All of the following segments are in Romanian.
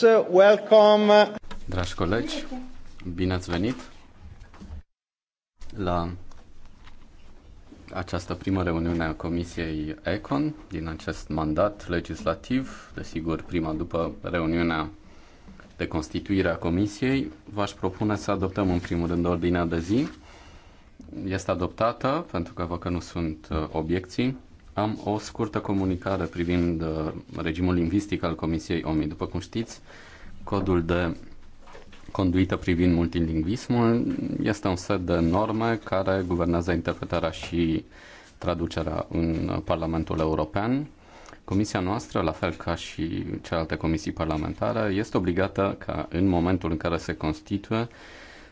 colleagues, uh, welcome. Uh, Dragi colegi, bine ați venit la această primă reuniune a Comisiei ECON din acest mandat legislativ, desigur prima după reuniunea de constituire a Comisiei. V-aș propune să adoptăm în primul rând ordinea de zi. Este adoptată pentru că văd că nu sunt uh, obiecții am o scurtă comunicare privind uh, regimul lingvistic al Comisiei OMI. După cum știți, codul de conduită privind multilingvismul este un set de norme care guvernează interpretarea și traducerea în Parlamentul European. Comisia noastră, la fel ca și celelalte comisii parlamentare, este obligată ca în momentul în care se constituie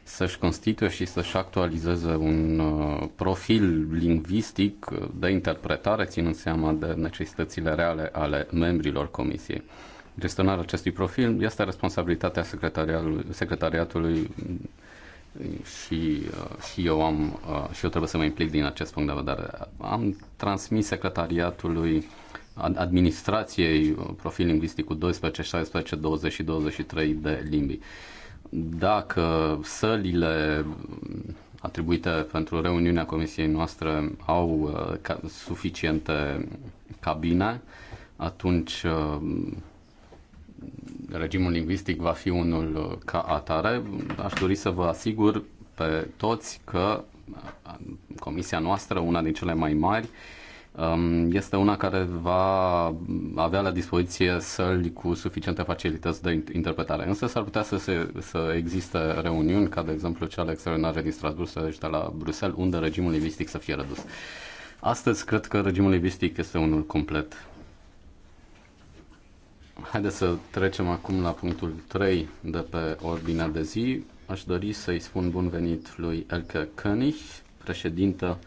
să-și constituie și să-și actualizeze un uh, profil lingvistic de interpretare, ținând seama de necesitățile reale ale membrilor comisiei. Gestionarea acestui profil este responsabilitatea secretariatului, mm, și, uh, și eu am uh, și eu trebuie să mă implic din acest punct de vedere. Am transmis secretariatului administrației profil lingvistic cu 12, 16, 20 și 23 de limbi dacă sălile atribuite pentru reuniunea comisiei noastre au uh, ca, suficiente cabine, atunci uh, regimul lingvistic va fi unul uh, ca atare. Aș dori să vă asigur pe toți că comisia noastră, una din cele mai mari, uh, Um, este una care va avea la dispoziție săli cu suficiente facilități de interpretare. Însă s-ar putea să, se, să existe reuniuni, ca de exemplu cea extraordinară din Strasbourg să de la Bruxelles, unde regimul lingvistic să fie redus. Astăzi cred că regimul lingvistic este unul complet. Haideți să trecem acum la punctul 3 de pe ordinea de zi. Aș dori să-i spun bun venit lui Elke König, președintă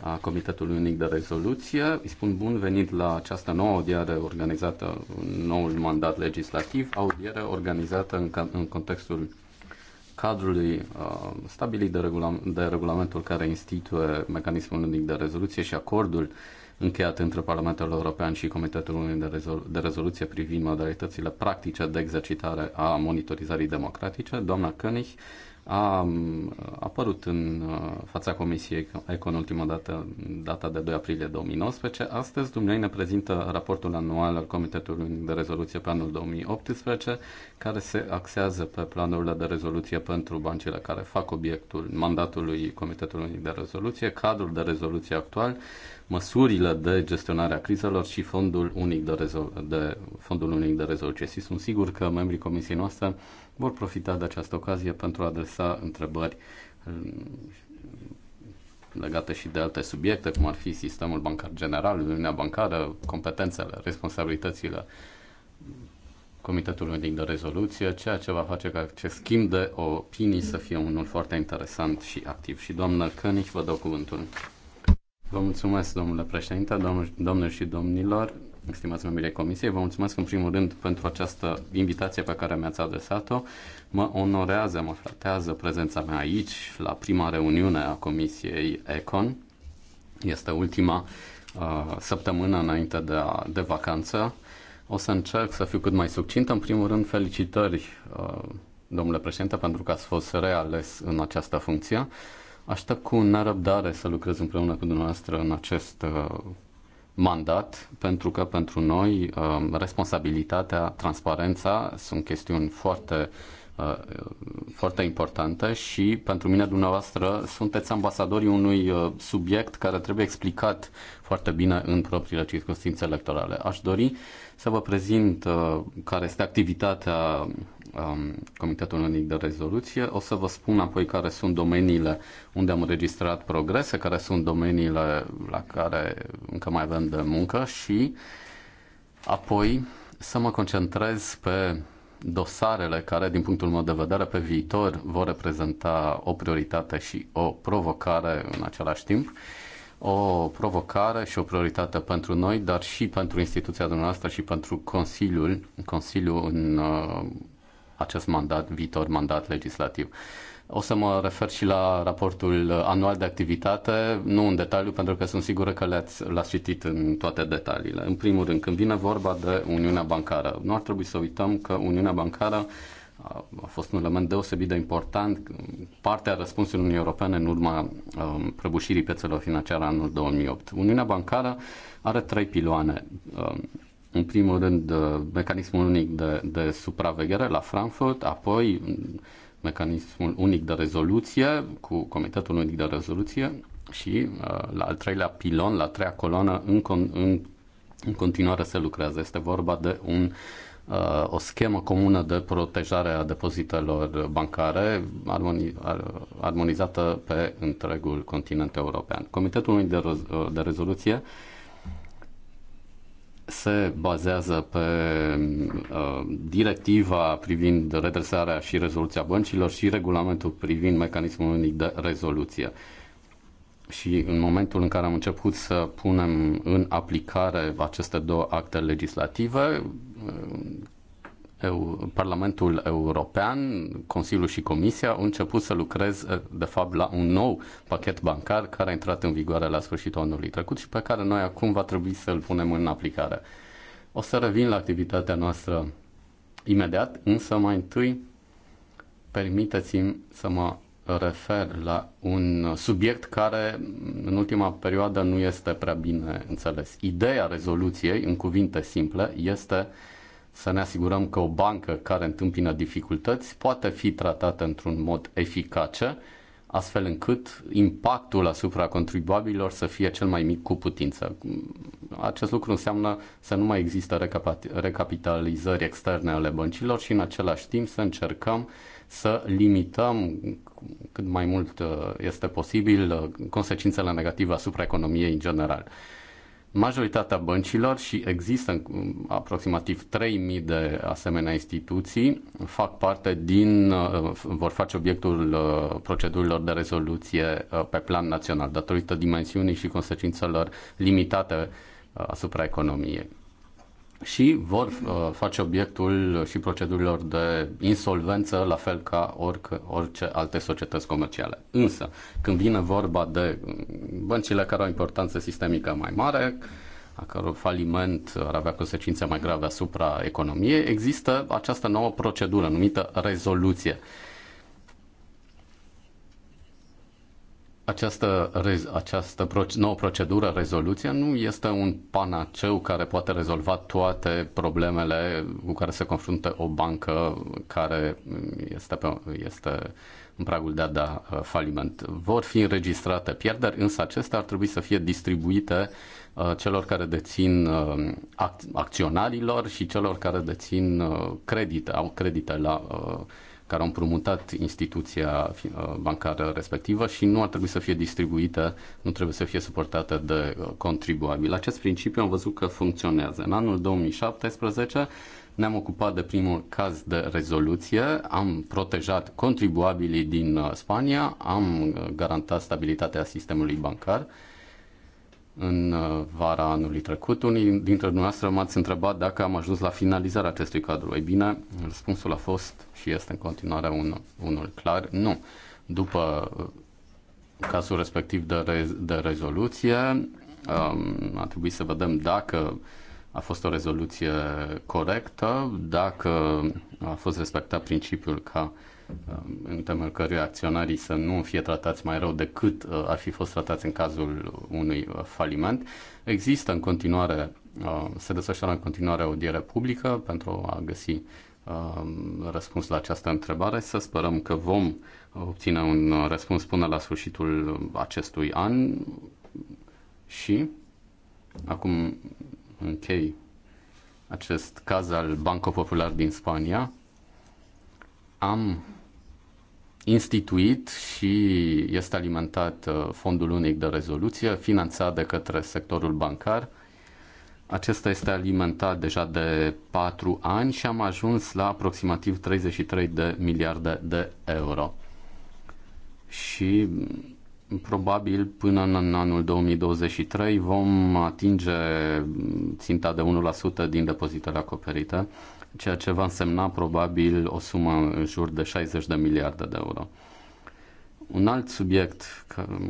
a Comitetului Unic de Rezoluție. Îi spun bun venit la această nouă audiere organizată în noul mandat legislativ, audiere organizată în, în contextul cadrului uh, stabilit de, regula- de regulamentul care instituie mecanismul unic de rezoluție și acordul încheiat între Parlamentul European și Comitetul Unic de, Rezol- de Rezoluție privind modalitățile practice de exercitare a monitorizării democratice. Doamna König a mm, apărut în uh, fața Comisiei Econ ultima dată, data de 2 aprilie 2019. Astăzi, dumneavoastră ne prezintă raportul anual al Comitetului de Rezoluție pe anul 2018, care se axează pe planurile de rezoluție pentru băncile care fac obiectul mandatului Comitetului de Rezoluție, cadrul de rezoluție actual, măsurile de gestionare a crizelor și fondul unic de, rezol- de, fondul unic de rezoluție. Și sunt sigur că membrii comisiei noastre vor profita de această ocazie pentru a adresa întrebări um, legate și de alte subiecte, cum ar fi sistemul bancar general, Uniunea Bancară, competențele, responsabilitățile Comitetului Unic de Rezoluție, ceea ce va face ca acest schimb de opinii să fie unul foarte interesant și activ. Și doamnă Cănici, vă dau cuvântul. Vă mulțumesc, domnule președinte, domnul domnilor și domnilor stimați membrii Comisiei, vă mulțumesc în primul rând pentru această invitație pe care mi-ați adresat-o. Mă onorează, mă flatează prezența mea aici, la prima reuniune a Comisiei ECON. Este ultima uh, săptămână înainte de, a, de vacanță. O să încerc să fiu cât mai succint. În primul rând, felicitări, uh, domnule președinte, pentru că ați fost reales în această funcție. Aștept cu nerăbdare să lucrez împreună cu dumneavoastră în acest uh, mandat, pentru că pentru noi um, responsabilitatea, transparența sunt chestiuni foarte uh, foarte importante și pentru mine dumneavoastră sunteți ambasadorii unui uh, subiect care trebuie explicat foarte bine în propriile circunstanțe electorale. Aș dori să vă prezint uh, care este activitatea um, Comitetul Unic de Rezoluție. O să vă spun apoi care sunt domeniile unde am registrat progrese, care sunt domeniile la care încă mai avem de muncă și apoi să mă concentrez pe dosarele care, din punctul meu de vedere, pe viitor vor reprezenta o prioritate și o provocare în același timp o provocare și o prioritate pentru noi, dar și pentru instituția dumneavoastră și pentru Consiliul, Consiliul în uh, acest mandat, viitor mandat legislativ. O să mă refer și la raportul anual de activitate, nu în detaliu, pentru că sunt sigură că le-ați, l-ați citit în toate detaliile. În primul rând, când vine vorba de Uniunea Bancară, nu ar trebui să uităm că Uniunea Bancară a fost un element deosebit de important, partea răspunsului Uniunii Europene în urma um, prăbușirii piețelor financiare anul 2008. Uniunea bancară are trei piloane. Um, în primul rând, uh, mecanismul unic de, de supraveghere la Frankfurt, apoi mm, mecanismul unic de rezoluție cu Comitetul Unic de Rezoluție și uh, la al treilea pilon, la treia coloană, în, con- în, în continuare se lucrează. Este vorba de un, uh, o schemă comună de protejare a depozitelor bancare armoni- armonizată pe întregul continent european. Comitetul unui de, Rez- de Rezoluție uh, se bazează pe uh, directiva privind redresarea și rezoluția băncilor și regulamentul privind mecanismul unic de rezoluție. Și în momentul în care am început să punem în aplicare aceste două acte legislative, uh, EU, Parlamentul European, Consiliul și Comisia au început să lucreze, eh, de fapt, la un nou pachet bancar care a intrat în vigoare la sfârșitul anului trecut și pe care noi acum va trebui să-l punem în aplicare. O să revin la activitatea noastră imediat, însă mai întâi permiteți-mi să mă refer la un subiect care în ultima perioadă nu este prea bine înțeles. Ideea rezoluției, în cuvinte simple, este uh, să ne asigurăm că o bancă care întâmpină dificultăți poate fi tratată într-un mod eficace, astfel încât impactul asupra contribuabililor să fie cel mai mic cu putință. Acest lucru înseamnă să nu mai există recapitalizări externe ale băncilor și în același timp să încercăm să limităm cât mai mult uh, este posibil uh, consecințele negative asupra economiei în general majoritatea băncilor și există aproximativ 3.000 de asemenea instituții, fac parte din, uh, vor face obiectul uh, procedurilor de rezoluție uh, pe plan național, datorită dimensiunii și consecințelor limitate asupra economiei și vor uh, face obiectul și procedurilor de insolvență, la fel ca oric, orice alte societăți comerciale. Însă, când vine vorba de mm, băncile care au importanță sistemică mai mare, a căror faliment ar avea consecințe mai grave asupra economiei, există această nouă procedură numită rezoluție Această, această nouă procedură, rezoluția, nu este un panaceu care poate rezolva toate problemele cu care se confruntă o bancă care este, pe, este în pragul de a da uh, faliment. Vor fi înregistrate pierderi, însă acestea ar trebui să fie distribuite uh, celor care dețin uh, acționarilor și celor care dețin credite, au credite la care au împrumutat instituția uh, bancară respectivă și nu ar trebui să fie distribuită, nu trebuie să fie suportată de uh, contribuabil. Acest principiu am văzut că funcționează. În anul 2017 ne-am ocupat de primul caz de rezoluție, am protejat contribuabilii din uh, Spania, am garantat stabilitatea sistemului bancar în uh, vara anului trecut. Unii dintre dumneavoastră m-ați întrebat dacă am ajuns la finalizarea acestui cadru. Ei bine, răspunsul a fost și este în continuare un, unul clar, nu. După uh, cazul respectiv de, re, de rezoluție, um, a trebuit să vedem dacă a fost o rezoluție corectă, dacă a fost respectat principiul ca uh, Um, în temel căruia acționarii să nu fie tratați mai rău decât uh, ar fi fost tratați în cazul unui uh, faliment. Există în continuare, uh, se desfășoară în continuare o diere publică pentru a găsi um, răspuns la această întrebare. Să sperăm că vom obține un răspuns până la sfârșitul acestui an și acum închei acest caz al Banco Popular din Spania. Am instituit și este alimentat uh, Fondul Unic de Rezoluție, finanțat de către sectorul bancar. Acesta este alimentat deja de 4 ani și am ajuns la aproximativ 33 de miliarde de euro. Și mm, probabil până în anul 2023 vom atinge mm, ținta de 1% din depozitele acoperite ceea ce va însemna probabil o sumă în jur de 60 de miliarde de euro. Un alt subiect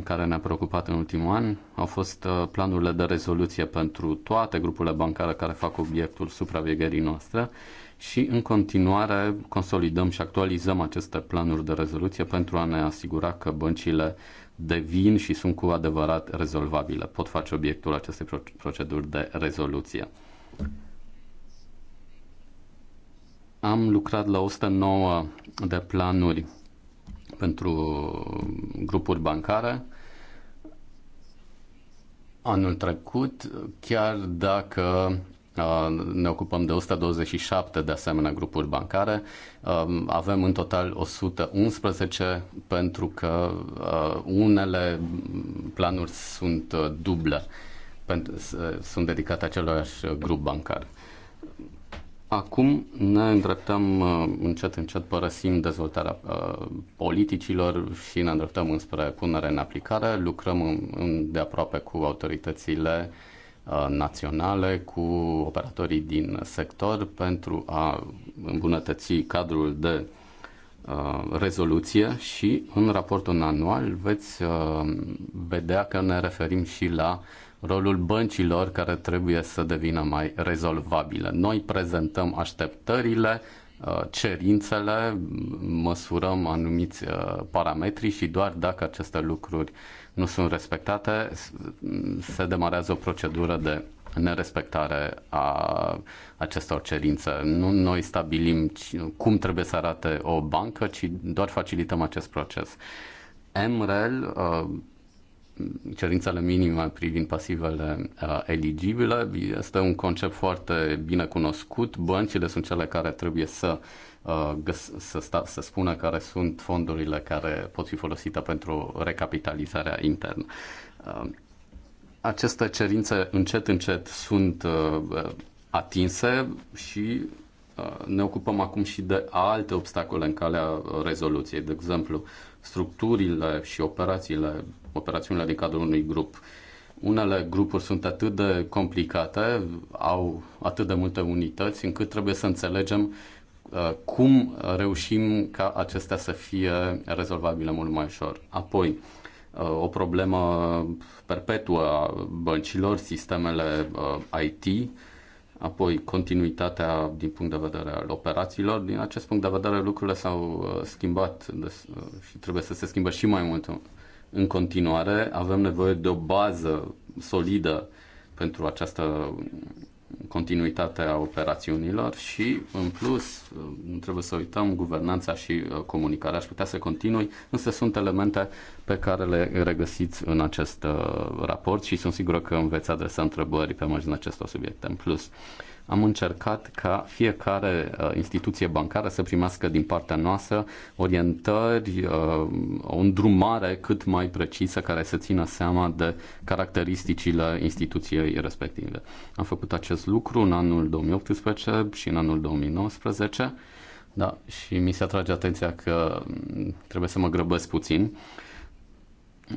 care ne-a preocupat în ultimul an au fost uh, planurile de rezoluție pentru toate grupurile bancare care fac obiectul supravegherii noastre și în continuare consolidăm și actualizăm aceste planuri de rezoluție pentru a ne asigura că băncile devin și sunt cu adevărat rezolvabile, pot face obiectul acestei proceduri de rezoluție. Am lucrat la 109 de planuri pentru grupuri bancare. Anul trecut, chiar dacă ne ocupăm de 127 de asemenea grupuri bancare. Avem în total 111 pentru că unele planuri sunt uh, duble, sunt dedicate acelorași grup bancar. Acum ne îndreptăm uh, încet, încet, părăsim dezvoltarea uh, politicilor și ne îndreptăm înspre punere în aplicare. Lucrăm de aproape cu autoritățile uh, naționale, cu operatorii din sector pentru a îmbunătăți cadrul de rezoluție și în raportul anual veți vedea că ne referim și la rolul băncilor care trebuie să devină mai rezolvabile. Noi prezentăm așteptările, uh, cerințele, măsurăm anumiți uh, parametri și doar dacă aceste lucruri nu sunt respectate, se demarează o procedură de nerespectare a acestor cerințe. Nu noi stabilim cum trebuie să arate o bancă, ci doar facilităm acest proces. MREL uh, cerințele minime privind pasivele uh, eligibile este un concept foarte bine cunoscut. Băncile sunt cele care trebuie să uh, găs- să, sta- să spună care sunt fondurile care pot fi folosite pentru recapitalizarea internă. Uh, aceste cerințe încet încet sunt uh, atinse și uh, ne ocupăm acum și de alte obstacole în calea rezoluției. De exemplu, structurile și operațiile, operațiunile din cadrul unui grup. Unele grupuri sunt atât de complicate, au atât de multe unități, încât trebuie să înțelegem uh, cum reușim ca acestea să fie rezolvabile mult mai ușor. Apoi, uh, o problemă perpetuă a băncilor, sistemele uh, IT, apoi continuitatea din punct de vedere al operațiilor. Din acest punct de vedere lucrurile s-au uh, schimbat uh, și trebuie să se schimbe și mai mult în continuare. Avem nevoie de o bază solidă pentru această continuitatea operațiunilor și, în plus, nu trebuie să uităm, guvernanța și uh, comunicarea aș putea să continui, însă sunt elemente pe care le regăsiți în acest uh, raport și sunt sigură că îmi veți adresa întrebări pe marginea acestor subiecte. În plus, am încercat ca fiecare uh, instituție bancară să primească din partea noastră orientări, uh, o îndrumare cât mai precisă care să țină seama de caracteristicile instituției respective. Am făcut acest lucru în anul 2018 și în anul 2019. Da, și mi se atrage atenția că mm, trebuie să mă grăbesc puțin. Uh,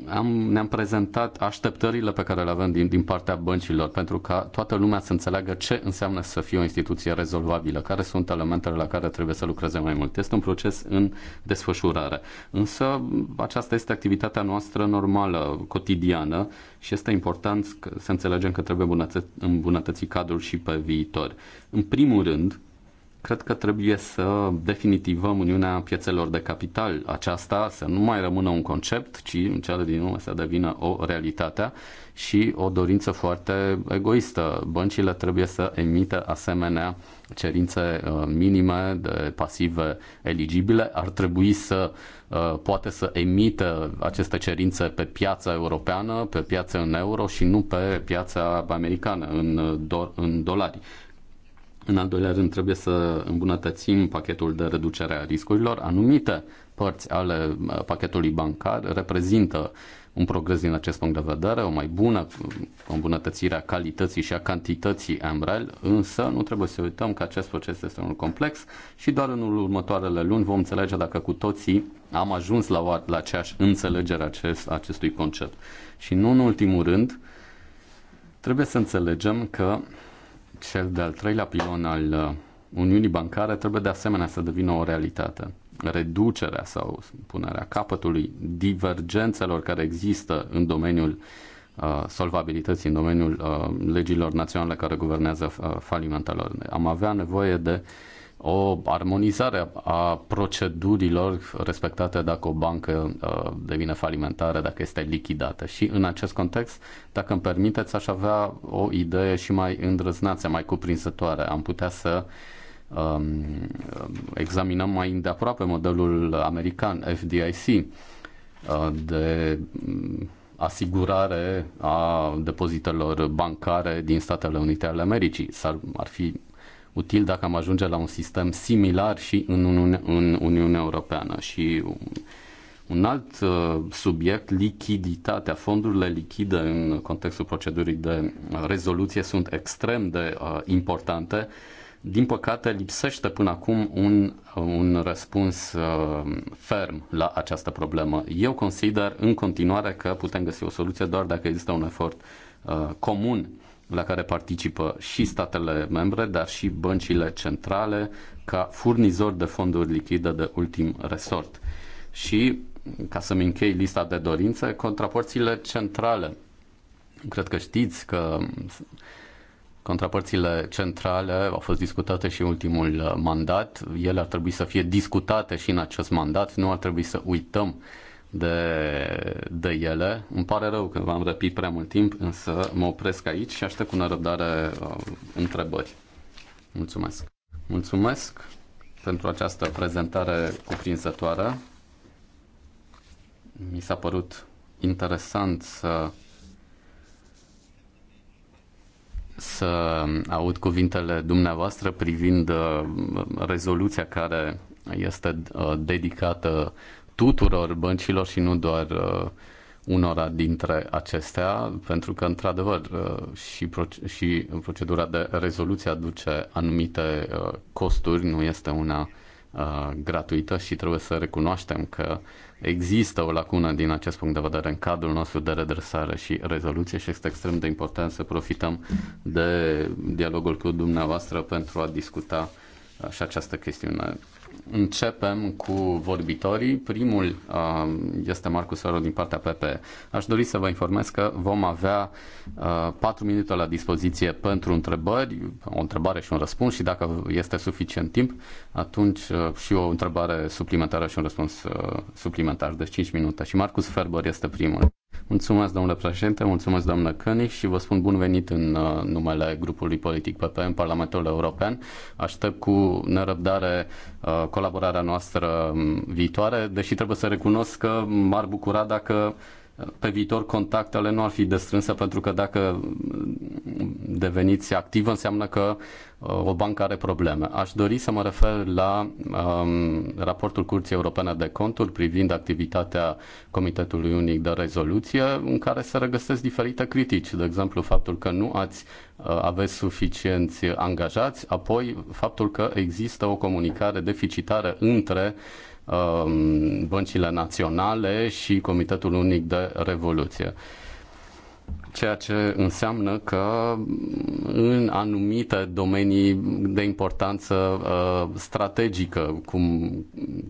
am, ne-am prezentat așteptările pe care le avem din, din partea băncilor, pentru ca toată lumea să înțeleagă ce înseamnă să fie o instituție rezolvabilă, care sunt elementele la care trebuie să lucreze mai mult. Este un proces în desfășurare. Însă aceasta este activitatea noastră normală, cotidiană și este important să înțelegem că trebuie îmbunătăți, cadrul și pe viitor. În primul rând, cred că trebuie să definitivăm Uniunea Piețelor de Capital aceasta, să nu mai rămână un concept, ci în cele din urmă să devină o realitate și o dorință foarte egoistă. Băncile trebuie să emită asemenea cerințe uh, minime de pasive eligibile. Ar trebui să uh, poate să emită aceste cerințe pe piața europeană, pe piața în euro și nu pe piața americană în, do- în dolari în al doilea rând, trebuie să îmbunătățim pachetul de reducere a riscurilor. Anumite părți ale uh, pachetului bancar reprezintă un progres din acest punct de vedere, o mai bună îmbunătățire a calității și a cantității MREL, însă nu trebuie să uităm că acest proces este unul complex și doar în următoarele luni vom înțelege dacă cu toții am ajuns la, o, la aceeași înțelegere acest, acestui concept. Și nu în ultimul rând, trebuie să înțelegem că cel de-al treilea pilon al uh, Uniunii Bancare trebuie de asemenea să devină o realitate. Reducerea sau punerea capătului divergențelor care există în domeniul uh, solvabilității, în domeniul uh, legilor naționale care guvernează uh, falimentelor. Am avea nevoie de uh, o armonizare a procedurilor respectate dacă o bancă uh, devine falimentară, dacă este lichidată. Și în acest context, dacă îmi permiteți, aș avea o idee și mai îndrăznață, mai cuprinzătoare. Am putea să um, examinăm mai îndeaproape modelul american FDIC uh, de mm, asigurare a depozitelor bancare din Statele Unite ale Americii. S-ar, ar fi util dacă am ajunge la un sistem similar și în, Uniune, în Uniunea Europeană. Și un alt uh, subiect, lichiditatea. Fondurile lichide în contextul procedurii de rezoluție sunt extrem de uh, importante. Din păcate, lipsește până acum un, uh, un răspuns ferm la această problemă. Eu consider în continuare că putem găsi o soluție doar dacă există un efort comun la care participă și statele membre, dar și băncile centrale ca furnizor de fonduri lichide de ultim resort. Și, ca să-mi închei lista de dorințe, contrapărțile centrale. Cred că știți că contrapărțile centrale au fost discutate și în ultimul uh, mandat. Ele ar trebui să fie discutate și în acest mandat. Nu ar trebui să uităm uh, de, de ele. Îmi pare rău că v-am răpit prea mult timp, însă mă opresc aici și aștept cu nerăbdare uh, întrebări. Mulțumesc! Mulțumesc pentru această prezentare cuprinzătoare. Mi s-a părut interesant să să aud cuvintele dumneavoastră privind uh, rezoluția care este uh, dedicată tuturor băncilor și nu doar uh, unora dintre acestea, pentru că, într-adevăr, uh, și, proce- și procedura de rezoluție aduce anumite uh, costuri, nu este una uh, gratuită și trebuie să recunoaștem că există o lacună din acest punct de vedere în cadrul nostru de redresare și rezoluție și este extrem de important să profităm de dialogul cu dumneavoastră pentru a discuta uh, și această chestiune Începem cu vorbitorii. Primul uh, este Marcus Fero din partea PP. Aș dori să vă informez că vom avea 4 uh, minute la dispoziție pentru întrebări, o întrebare și un răspuns și dacă este suficient timp, atunci uh, și o întrebare suplimentară și un răspuns suplimentar, deci 5 minute. Și Marcus Ferber este primul. Mulțumesc, domnule președinte, mulțumesc, doamnă Cănic și vă spun bun venit în uh, numele grupului politic PP în Parlamentul European. Aștept cu nerăbdare uh, colaborarea noastră um, viitoare, deși trebuie să recunosc că m-ar bucura dacă pe viitor contactele nu ar fi destrânse, pentru că dacă deveniți activ înseamnă că uh, o bancă are probleme. Aș dori să mă refer la um, raportul Curții Europene de Conturi privind activitatea Comitetului Unic de Rezoluție, în care se regăsesc diferite critici, de exemplu faptul că nu ați uh, aveți suficienți angajați, apoi faptul că există o comunicare deficitară între uh, Um, băncile naționale și Comitetul Unic de Revoluție ceea ce înseamnă că în anumite domenii de importanță uh, strategică, cum,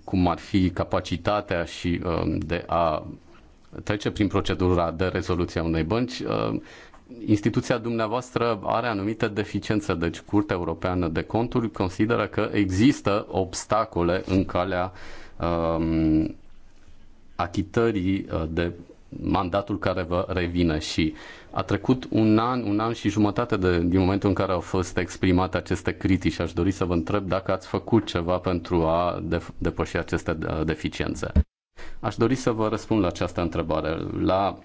cum ar fi capacitatea și uh, de a trece prin procedura de rezoluție a unei bănci, uh, instituția dumneavoastră are anumite deficiențe, deci Curtea Europeană de Conturi consideră că există obstacole în calea um, achitării uh, de mandatul care vă revine și a trecut un an, un an și jumătate de, din momentul în care au fost exprimate aceste critici și aș dori să vă întreb dacă ați făcut ceva pentru a depăși aceste uh, deficiențe. Aș dori să vă răspund la această întrebare. La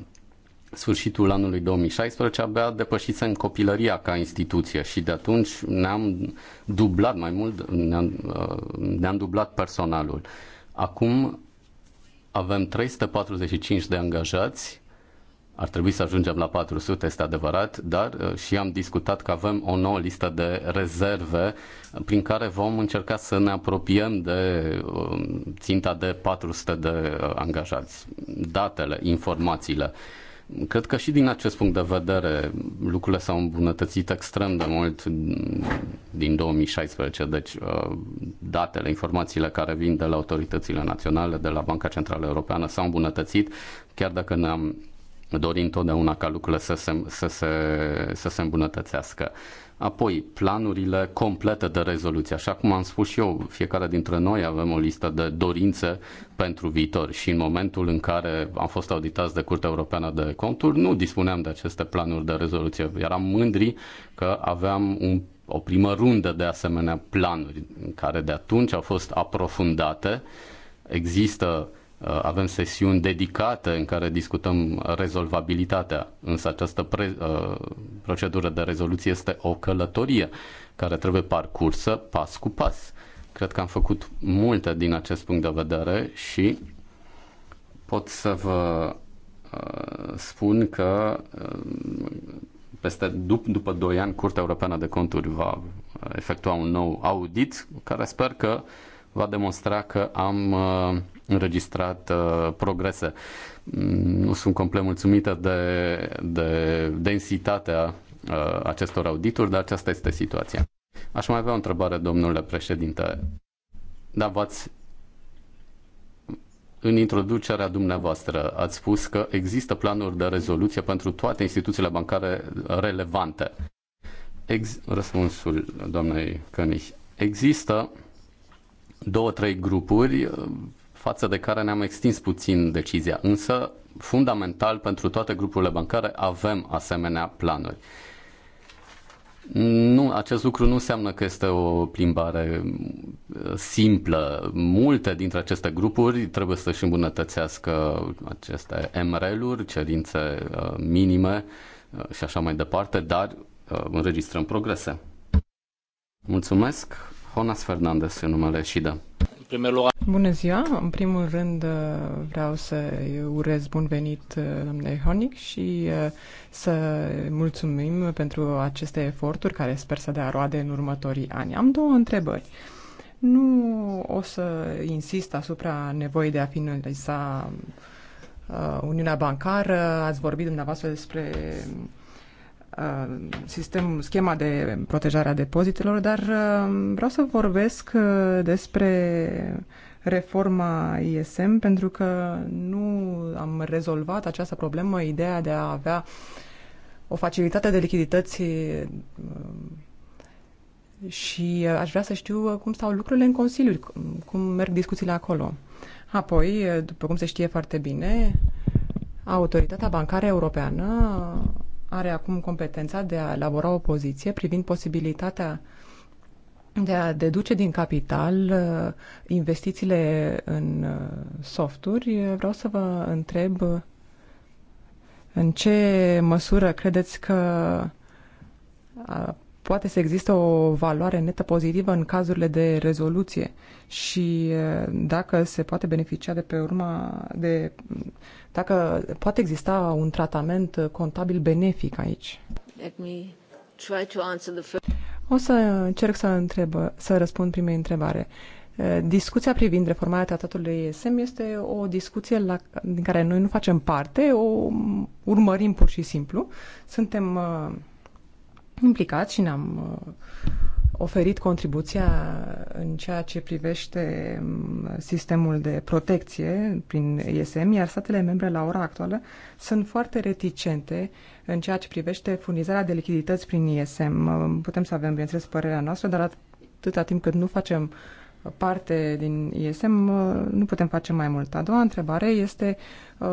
sfârșitul anului 2016 abia depășisem copilăria ca instituție și de atunci ne-am dublat mai mult, ne-am, uh, ne-am dublat personalul. Acum avem 345 de angajați, ar trebui să ajungem la 400, este adevărat, dar uh, și am discutat că avem o nouă listă de rezerve prin care vom încerca să ne apropiem de um, ținta de 400 de uh, angajați. Datele, informațiile Cred că și din acest punct de vedere lucrurile s-au îmbunătățit extrem de mult din 2016, deci uh, datele, informațiile care vin de la autoritățile naționale, de la Banca Centrală Europeană s-au îmbunătățit, chiar dacă ne-am dorit întotdeauna ca lucrurile să se, să se, să se îmbunătățească. Apoi, planurile complete de rezoluție. Așa cum am spus și eu, fiecare dintre noi avem o listă de dorințe pentru viitor și în momentul în care am fost auditați de Curtea Europeană de Conturi, nu dispuneam de aceste planuri de rezoluție. Eram mândri că aveam un, o primă rundă de asemenea planuri care de atunci au fost aprofundate. Există Uh, avem sesiuni dedicate în care discutăm rezolvabilitatea, însă această pre, uh, procedură de rezoluție este o călătorie care trebuie parcursă pas cu pas. Cred că am făcut multe din acest punct de vedere și pot să vă uh, spun că peste, dup, după 2 ani Curtea Europeană de Conturi va efectua un nou audit care sper că uh, va demonstra că am uh, înregistrat uh, progrese. Mm, nu sunt complet mulțumită de, de densitatea uh, acestor audituri, dar aceasta este situația. Aș mai avea o întrebare, domnule președinte. Da, v-ați în introducerea dumneavoastră ați spus că există planuri de rezoluție pentru toate instituțiile bancare relevante. Ex- răspunsul doamnei Căniș. Există două, trei grupuri uh, față de care ne-am extins puțin decizia, însă fundamental pentru toate grupurile bancare avem asemenea planuri. Nu, acest lucru nu înseamnă că este o plimbare uh, simplă. Multe dintre aceste grupuri trebuie să-și îmbunătățească aceste MRL-uri, cerințe uh, minime și așa mai departe, dar înregistrăm progrese. Mulțumesc! Jonas Fernandez în numele da. Bună ziua! În primul rând uh, vreau să urez bun venit uh, la Honic și uh, să mulțumim pentru aceste eforturi care sper să dea roade în următorii ani. Am două întrebări. Nu o să insist asupra nevoii de a finaliza Uniunea Bancară. Ați vorbit dumneavoastră despre Uh, sistem, schema de protejare a depozitelor, dar uh, vreau să vorbesc uh, despre reforma ISM pentru că nu am rezolvat această problemă, ideea de a avea o facilitate de lichidități și aș vrea să știu cum stau lucrurile în Consiliu, cum merg discuțiile acolo. Apoi, după cum se știe foarte bine, Autoritatea Bancară Europeană are acum competența de a elabora o poziție privind posibilitatea de a deduce din capital uh, investițiile în uh, softuri, vreau să vă întreb uh, în ce măsură credeți că poate să existe o valoare netă pozitivă în cazurile de rezoluție și dacă se poate beneficia de pe urma de dacă poate exista un tratament contabil benefic aici. O să încerc să întreb, să răspund primei întrebare. Discuția privind reformarea tratatului ESM este o discuție la, din care noi nu facem parte, o urmărim pur și simplu. Suntem uh, implicat și ne-am uh, oferit contribuția în ceea ce privește um, sistemul de protecție prin ISM, iar statele membre la ora actuală sunt foarte reticente în ceea ce privește furnizarea de lichidități prin ISM. Uh, putem să avem, bineînțeles, părerea noastră, dar atâta timp cât nu facem parte din ISM, uh, nu putem face mai mult. A doua întrebare este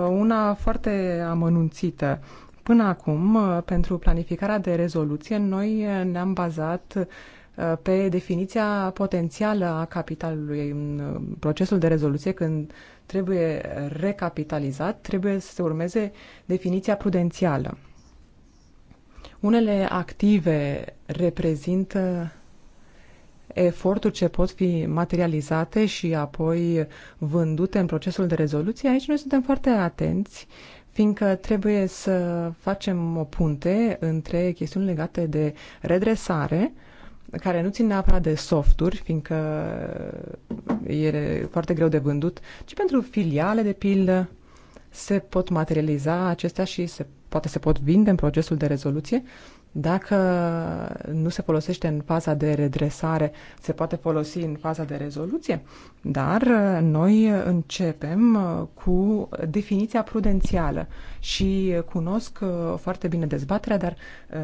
una foarte amănunțită Până acum, uh, pentru planificarea de rezoluție, noi uh, ne-am bazat uh, pe definiția potențială a capitalului în procesul de rezoluție, când trebuie recapitalizat, trebuie să se urmeze definiția prudențială. Unele active reprezintă eforturi ce pot fi materializate și apoi vândute în procesul de rezoluție. Aici noi suntem foarte atenți fiindcă trebuie să facem o punte între chestiuni legate de redresare, care nu țin neapărat de softuri, fiindcă e foarte greu de vândut, ci pentru filiale, de pildă, se pot materializa acestea și se, poate se pot vinde în procesul de rezoluție dacă nu se folosește în faza de redresare, se poate folosi în faza de rezoluție, dar uh, noi începem uh, cu definiția prudențială și cunosc uh, foarte bine dezbaterea, dar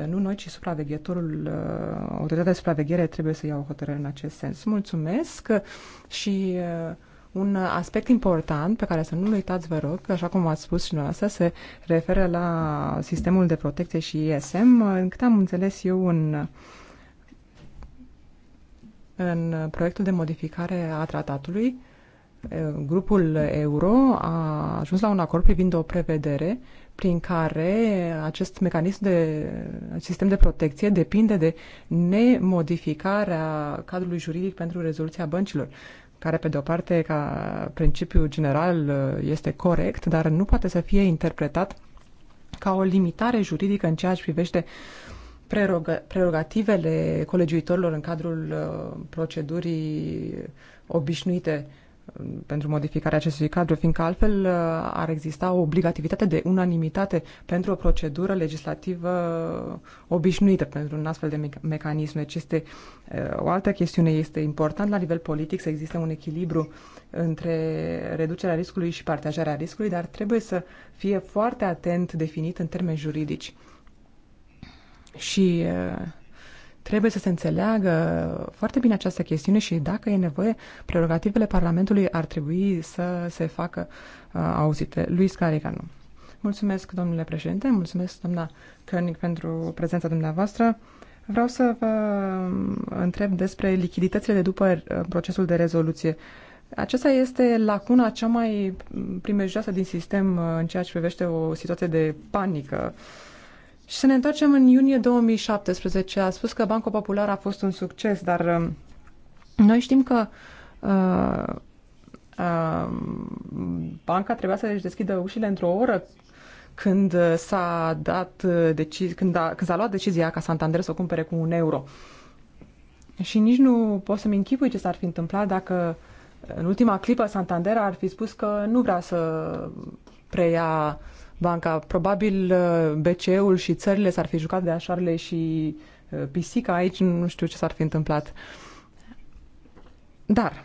nu noi, ci supraveghetorul, autoritatea de supraveghere trebuie să ia o hotărâre în acest sens. Mulțumesc și un aspect important pe care să nu-l uitați, vă rog, așa cum ați spus și noastră, se referă la sistemul de protecție și ISM. Cât am înțeles eu în, în proiectul de modificare a tratatului, grupul euro a ajuns la un acord privind o prevedere prin care acest mecanism de sistem de protecție depinde de nemodificarea cadrului juridic pentru rezoluția băncilor care, pe de-o parte, ca principiu general uh, este corect, dar nu poate să fie interpretat ca o limitare juridică în ceea ce privește prerogativele colegiuitorilor în cadrul uh, procedurii obișnuite pentru modificarea acestui cadru, fiindcă altfel uh, ar exista o obligativitate de unanimitate pentru o procedură legislativă obișnuită pentru un astfel de mecanism. Deci este uh, o altă chestiune. Este important la nivel politic să existe un echilibru între reducerea riscului și partajarea riscului, dar trebuie să fie foarte atent definit în termeni juridici. Și uh, Trebuie să se înțeleagă foarte bine această chestiune și dacă e nevoie, prerogativele Parlamentului ar trebui să se facă uh, auzite. Luis Caricanu. Mulțumesc, domnule președinte, mulțumesc, doamna Koenig, pentru prezența dumneavoastră. Vreau să vă um, întreb despre lichiditățile de după uh, procesul de rezoluție. Aceasta este lacuna cea mai primejoasă din sistem uh, în ceea ce privește o situație de panică uh, și să ne întoarcem în iunie 2017. A spus că Banco Popular a fost un succes, dar um, noi știm că uh, uh, banca trebuia să își deschidă ușile într-o oră când uh, s-a dat uh, decizi- când, a, când s-a luat decizia ca Santander să o cumpere cu un euro. Și nici nu pot să-mi închipui ce s-ar fi întâmplat dacă în ultima clipă Santander ar fi spus că nu vrea să preia uh, banca. Probabil uh, BCE-ul și țările s-ar fi jucat de așarle și uh, pisica aici, nu știu ce s-ar fi întâmplat. Dar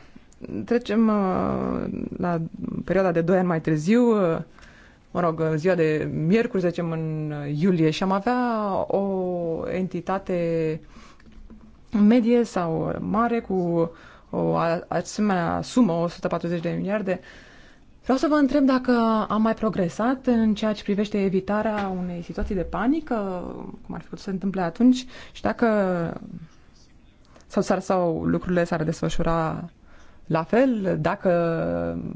trecem uh, la perioada de 2 ani mai târziu, mă rog, ziua de miercuri, zicem, în iulie și am avea o entitate medie sau mare cu o asemenea sumă, 140 de miliarde, Vreau să vă întreb dacă am mai progresat în ceea ce privește evitarea unei situații de panică, cum ar fi putut să se întâmple atunci, și dacă sau, sau, sau lucrurile s-ar desfășura la fel, dacă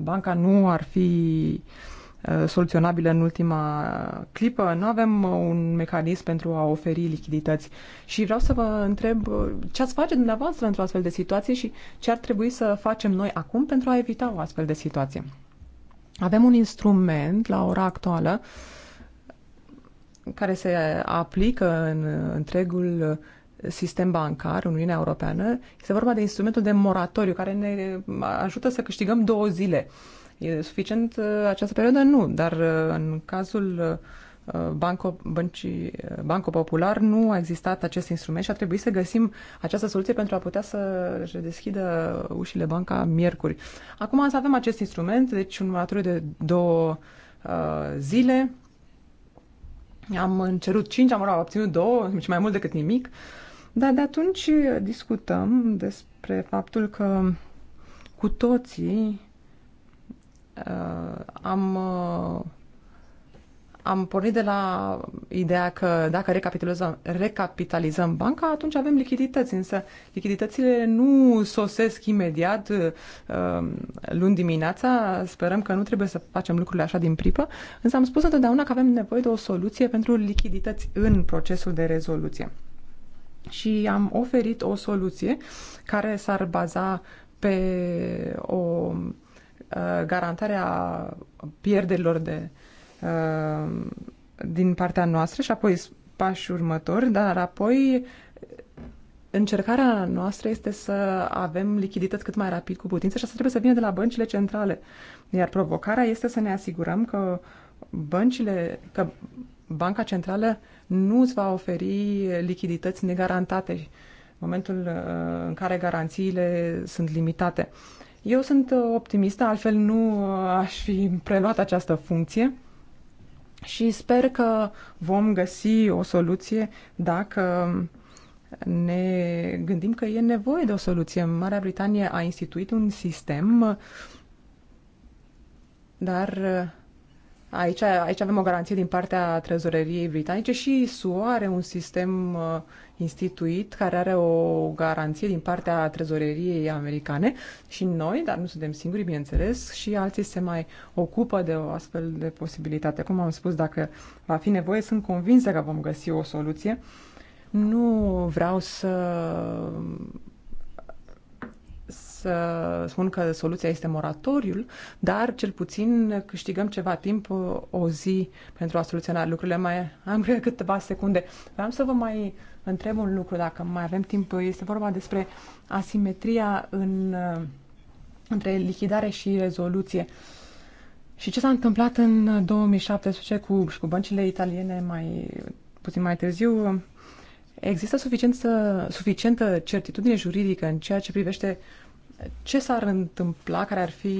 banca nu ar fi soluționabilă în ultima clipă, nu avem un mecanism pentru a oferi lichidități. Și vreau să vă întreb ce ați face dumneavoastră într-o astfel de situație și ce ar trebui să facem noi acum pentru a evita o astfel de situație. Avem un instrument la ora actuală care se aplică în întregul sistem bancar în Uniunea Europeană. Este vorba de instrumentul de moratoriu care ne ajută să câștigăm două zile. E suficient uh, această perioadă? Nu, dar uh, în cazul uh, Uh, Banco, Băncii, uh, Banco Popular nu a existat acest instrument și a trebuit să găsim această soluție pentru a putea să redeschidă ușile banca miercuri. Acum să avem acest instrument, deci un maturiu de două uh, zile. Am cerut cinci, am obținut două, și mai mult decât nimic. Dar de atunci discutăm despre faptul că cu toții uh, am uh, am pornit de la ideea că dacă recapitalizăm, recapitalizăm banca, atunci avem lichidități, însă lichiditățile nu sosesc imediat um, luni dimineața, sperăm că nu trebuie să facem lucrurile așa din pripă, însă am spus întotdeauna că avem nevoie de o soluție pentru lichidități în procesul de rezoluție. Și am oferit o soluție care s-ar baza pe o uh, garantare a pierderilor de Uh, din partea noastră și apoi pași următori, dar apoi încercarea noastră este să avem lichidități cât mai rapid cu putință și asta trebuie să vină de la băncile centrale. Iar provocarea este să ne asigurăm că băncile, că banca centrală nu îți va oferi lichidități negarantate în momentul uh, în care garanțiile sunt limitate. Eu sunt optimistă, altfel nu uh, aș fi preluat această funcție și sper că vom găsi o soluție dacă ne gândim că e nevoie de o soluție. Marea Britanie a instituit un sistem, dar aici, aici avem o garanție din partea trezoreriei britanice și SUA are un sistem instituit care are o garanție din partea trezoreriei americane și noi, dar nu suntem singuri, bineînțeles, și alții se mai ocupă de o astfel de posibilitate. Cum am spus, dacă va fi nevoie, sunt convinsă că vom găsi o soluție. Nu vreau să să spun că soluția este moratoriul, dar cel puțin câștigăm ceva timp, o zi pentru a soluționa lucrurile. Mai am cred câteva secunde. Vreau să vă mai întreb un lucru, dacă mai avem timp, este vorba despre asimetria în, uh, între lichidare și rezoluție. Și ce s-a întâmplat în 2017 cu, și cu băncile italiene mai puțin mai târziu? Există suficientă, suficientă certitudine juridică în ceea ce privește ce s-ar întâmpla, care ar fi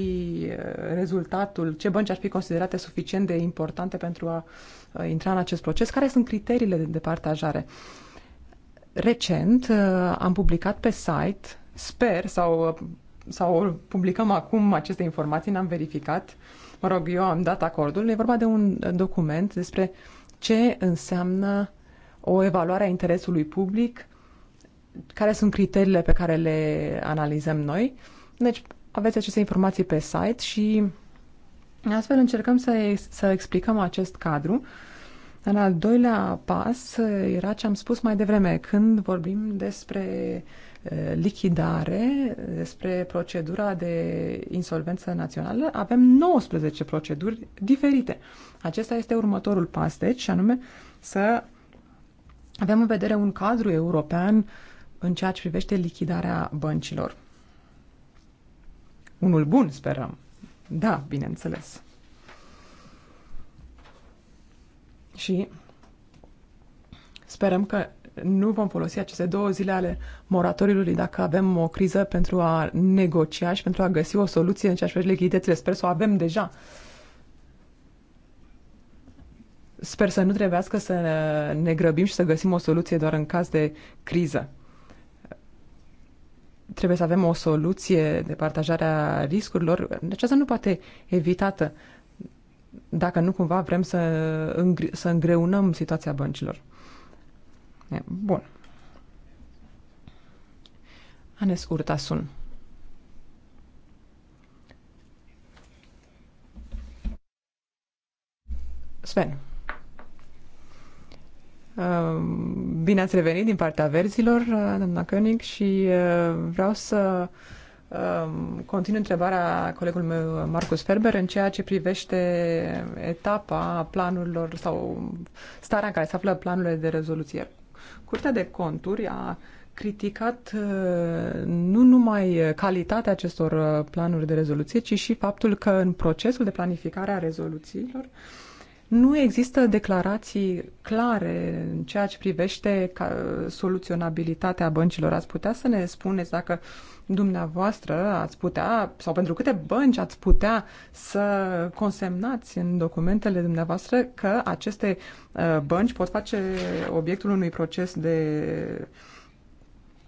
uh, rezultatul, ce bănci ar fi considerate suficient de importante pentru a uh, intra în acest proces, care sunt criteriile de partajare. Uh, recent uh, am publicat pe site, sper, sau, uh, sau publicăm acum aceste informații, n-am verificat, mă rog, eu am dat acordul, e vorba de un document despre ce înseamnă o evaluare a interesului public, care sunt criteriile pe care le analizăm noi. Deci aveți aceste informații pe site și astfel încercăm să, să explicăm acest cadru în al doilea pas era ce am spus mai devreme, când vorbim despre lichidare, despre procedura de insolvență națională, avem 19 proceduri diferite. Acesta este următorul pas, deci, și anume să avem în vedere un cadru european în ceea ce privește lichidarea băncilor. Unul bun, sperăm. Da, bineînțeles. și sperăm că nu vom folosi aceste două zile ale moratoriului dacă avem o criză pentru a negocia și pentru a găsi o soluție în ceea ce privește lichiditățile. Sper să o avem deja. Sper să nu trebuiască să ne grăbim și să găsim o soluție doar în caz de criză. Trebuie să avem o soluție de partajare a riscurilor. Aceasta nu poate evitată, dacă nu cumva vrem să, îngre- să îngreunăm situația băncilor. Bun. Anes Urtasun. Sven. Ehm, bine ați revenit din partea verzilor, doamna König, și ehm, vreau să Um, Continu întrebarea colegului meu, Marcus Ferber, în ceea ce privește etapa planurilor sau starea în care se află planurile de rezoluție. Curtea de conturi a criticat uh, nu numai calitatea acestor uh, planuri de rezoluție, ci și faptul că în procesul de planificare a rezoluțiilor nu există declarații clare în ceea ce privește uh, soluționabilitatea băncilor. Ați putea să ne spuneți dacă dumneavoastră ați putea, sau pentru câte bănci ați putea să consemnați în documentele dumneavoastră că aceste uh, bănci pot face obiectul unui proces de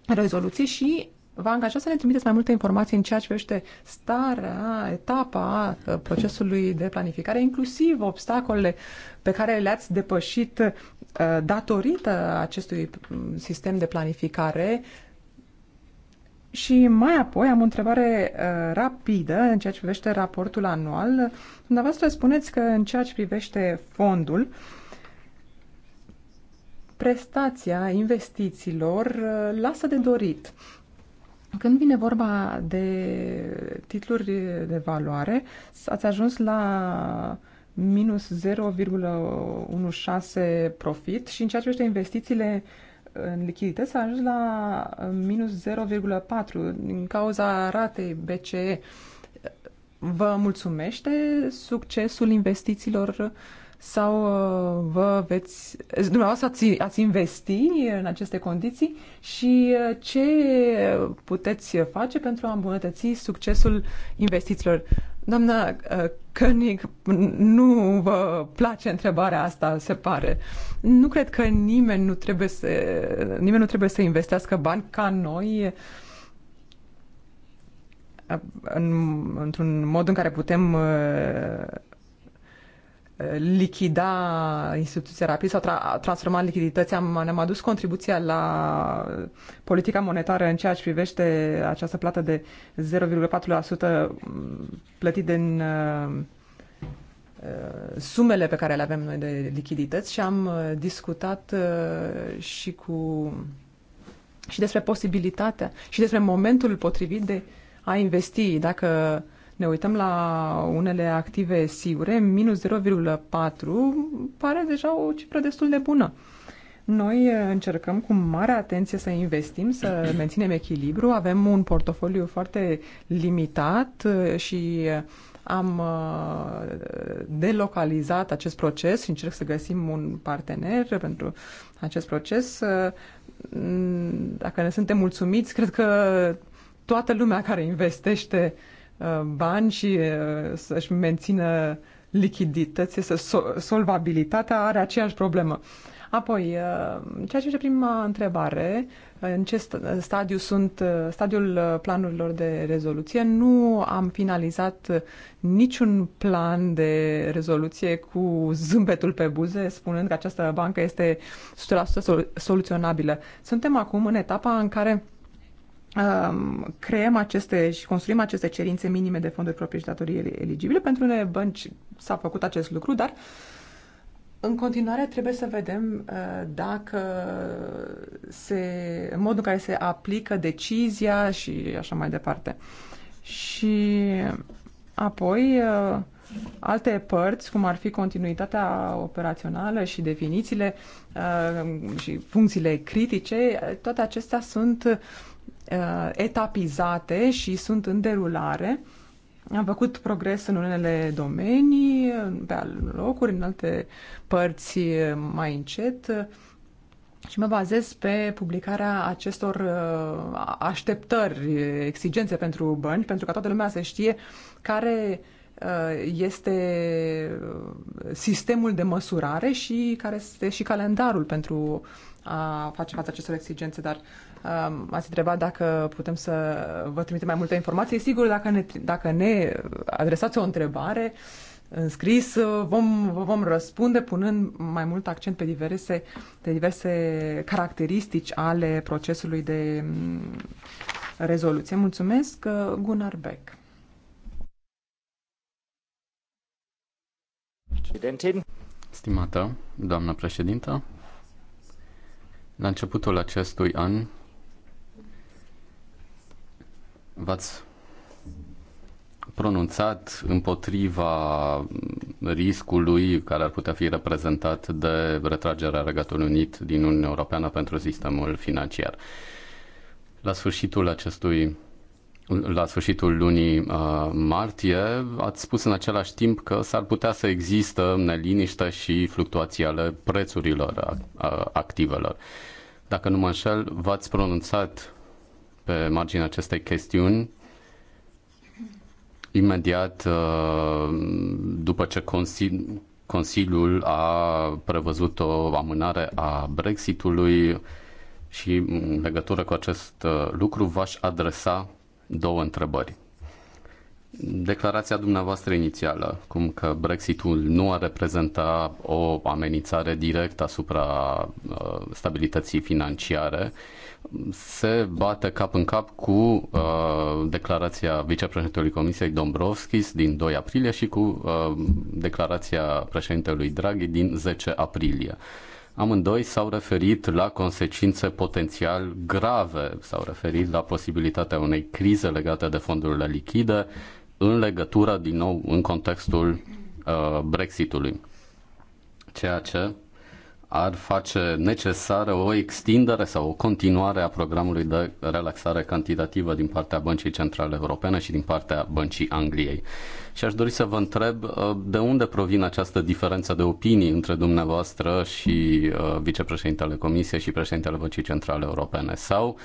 rezoluție și vă angajați să ne trimiteți mai multe informații în ceea ce privește starea, etapa uh, procesului de planificare, inclusiv obstacolele pe care le-ați depășit uh, datorită acestui mm, sistem de planificare și mai apoi am o întrebare uh, rapidă în ceea ce privește raportul anual. Dumneavoastră spuneți că în ceea ce privește fondul, prestația investițiilor uh, lasă de dorit. Când vine vorba de titluri de valoare, ați ajuns la minus 0,16 profit și în ceea ce privește investițiile uh, în lichidități a ajuns la uh, minus 0,4 din cauza ratei BCE. Vă mulțumește succesul investițiilor sau uh, vă veți, dumneavoastră ați, ați investi în aceste condiții și uh, ce puteți face pentru a îmbunătăți succesul investițiilor? Doamna Koenig, nu vă place întrebarea asta, se pare. Nu cred că nimeni nu trebuie să, nimeni nu trebuie să investească bani ca noi în, într-un mod în care putem uh, lichida instituția rapid sau tra- transforma lichidități. Am, am adus contribuția la politica monetară în ceea ce privește această plată de 0,4% mm, plătit din uh, uh, sumele pe care le avem noi de lichidități și am uh, discutat și cu și despre posibilitatea și despre momentul potrivit de a investi. Dacă uh, ne uităm la unele active sigure, minus 0,4 pare deja o cifră destul de bună. Noi eh, încercăm cu mare atenție să investim, să menținem echilibru. Avem un portofoliu foarte limitat eh, și eh, am delocalizat acest proces și încerc să găsim un partener pentru acest proces. Mm, dacă ne suntem mulțumiți, cred că toată lumea care investește uh, Uh, bani și uh, să-și mențină lichidități, să solvabilitatea are aceeași problemă. Apoi, uh, ceea ce este prima întrebare, în ce stadiu sunt stadiul planurilor de rezoluție? Nu am finalizat niciun plan de rezoluție cu zâmbetul pe buze, spunând că această bancă este 100% soluționabilă. Suntem acum în etapa în care Um, creăm aceste și construim aceste cerințe minime de fonduri proprii și datorii eligibile. Pentru unele bănci s-a făcut acest lucru, dar în continuare trebuie să vedem uh, dacă se, modul în care se aplică decizia și așa mai departe. Și apoi uh, alte părți, cum ar fi continuitatea operațională și definițiile uh, și funcțiile critice, toate acestea sunt uh, Uh, etapizate și sunt în derulare. Am făcut progres în unele domenii, pe locuri, în alte părți uh, mai încet și mă bazez pe publicarea acestor uh, așteptări, exigențe pentru bănci, pentru ca toată lumea să știe care este sistemul de măsurare și care este și calendarul pentru a face față acestor exigențe, dar ați întrebat dacă putem să vă trimitem mai multe informații. Sigur, dacă ne, dacă ne adresați o întrebare în scris, vom, vom răspunde punând mai mult accent pe diverse, pe diverse caracteristici ale procesului de mm, rezoluție. Mulțumesc, Gunnar Beck. Stimată doamnă președintă, la începutul acestui an v-ați pronunțat împotriva riscului care ar putea fi reprezentat de retragerea Regatului Unit din Uniunea Europeană pentru sistemul financiar. La sfârșitul acestui la sfârșitul lunii uh, martie, ați spus în același timp că s-ar putea să există neliniște și fluctuații ale prețurilor a, a, activelor. Dacă nu mă înșel, v-ați pronunțat pe marginea acestei chestiuni imediat uh, după ce Consiliul a prevăzut o amânare a Brexitului și în legătură cu acest uh, lucru v-aș adresa două întrebări. Declarația dumneavoastră inițială, cum că Brexitul nu a reprezenta o amenințare directă asupra uh, stabilității financiare, uh, se bate cap în cap cu uh, declarația vicepreședintelui Comisiei Dombrovskis din 2 aprilie și cu uh, declarația președintelui Draghi din 10 aprilie. Amândoi s-au referit la consecințe potențial grave, s-au referit la posibilitatea unei crize legate de fondurile lichide în legătură, din nou, în contextul uh, Brexitului. Ceea ce ar face necesară o extindere sau o continuare a programului de relaxare cantitativă din partea Băncii Centrale Europene și din partea Băncii Angliei. Și aș dori să vă întreb uh, de unde provine această diferență de opinii între dumneavoastră și uh, vicepreședintele Comisiei și președintele Băncii Centrale Europene? Sau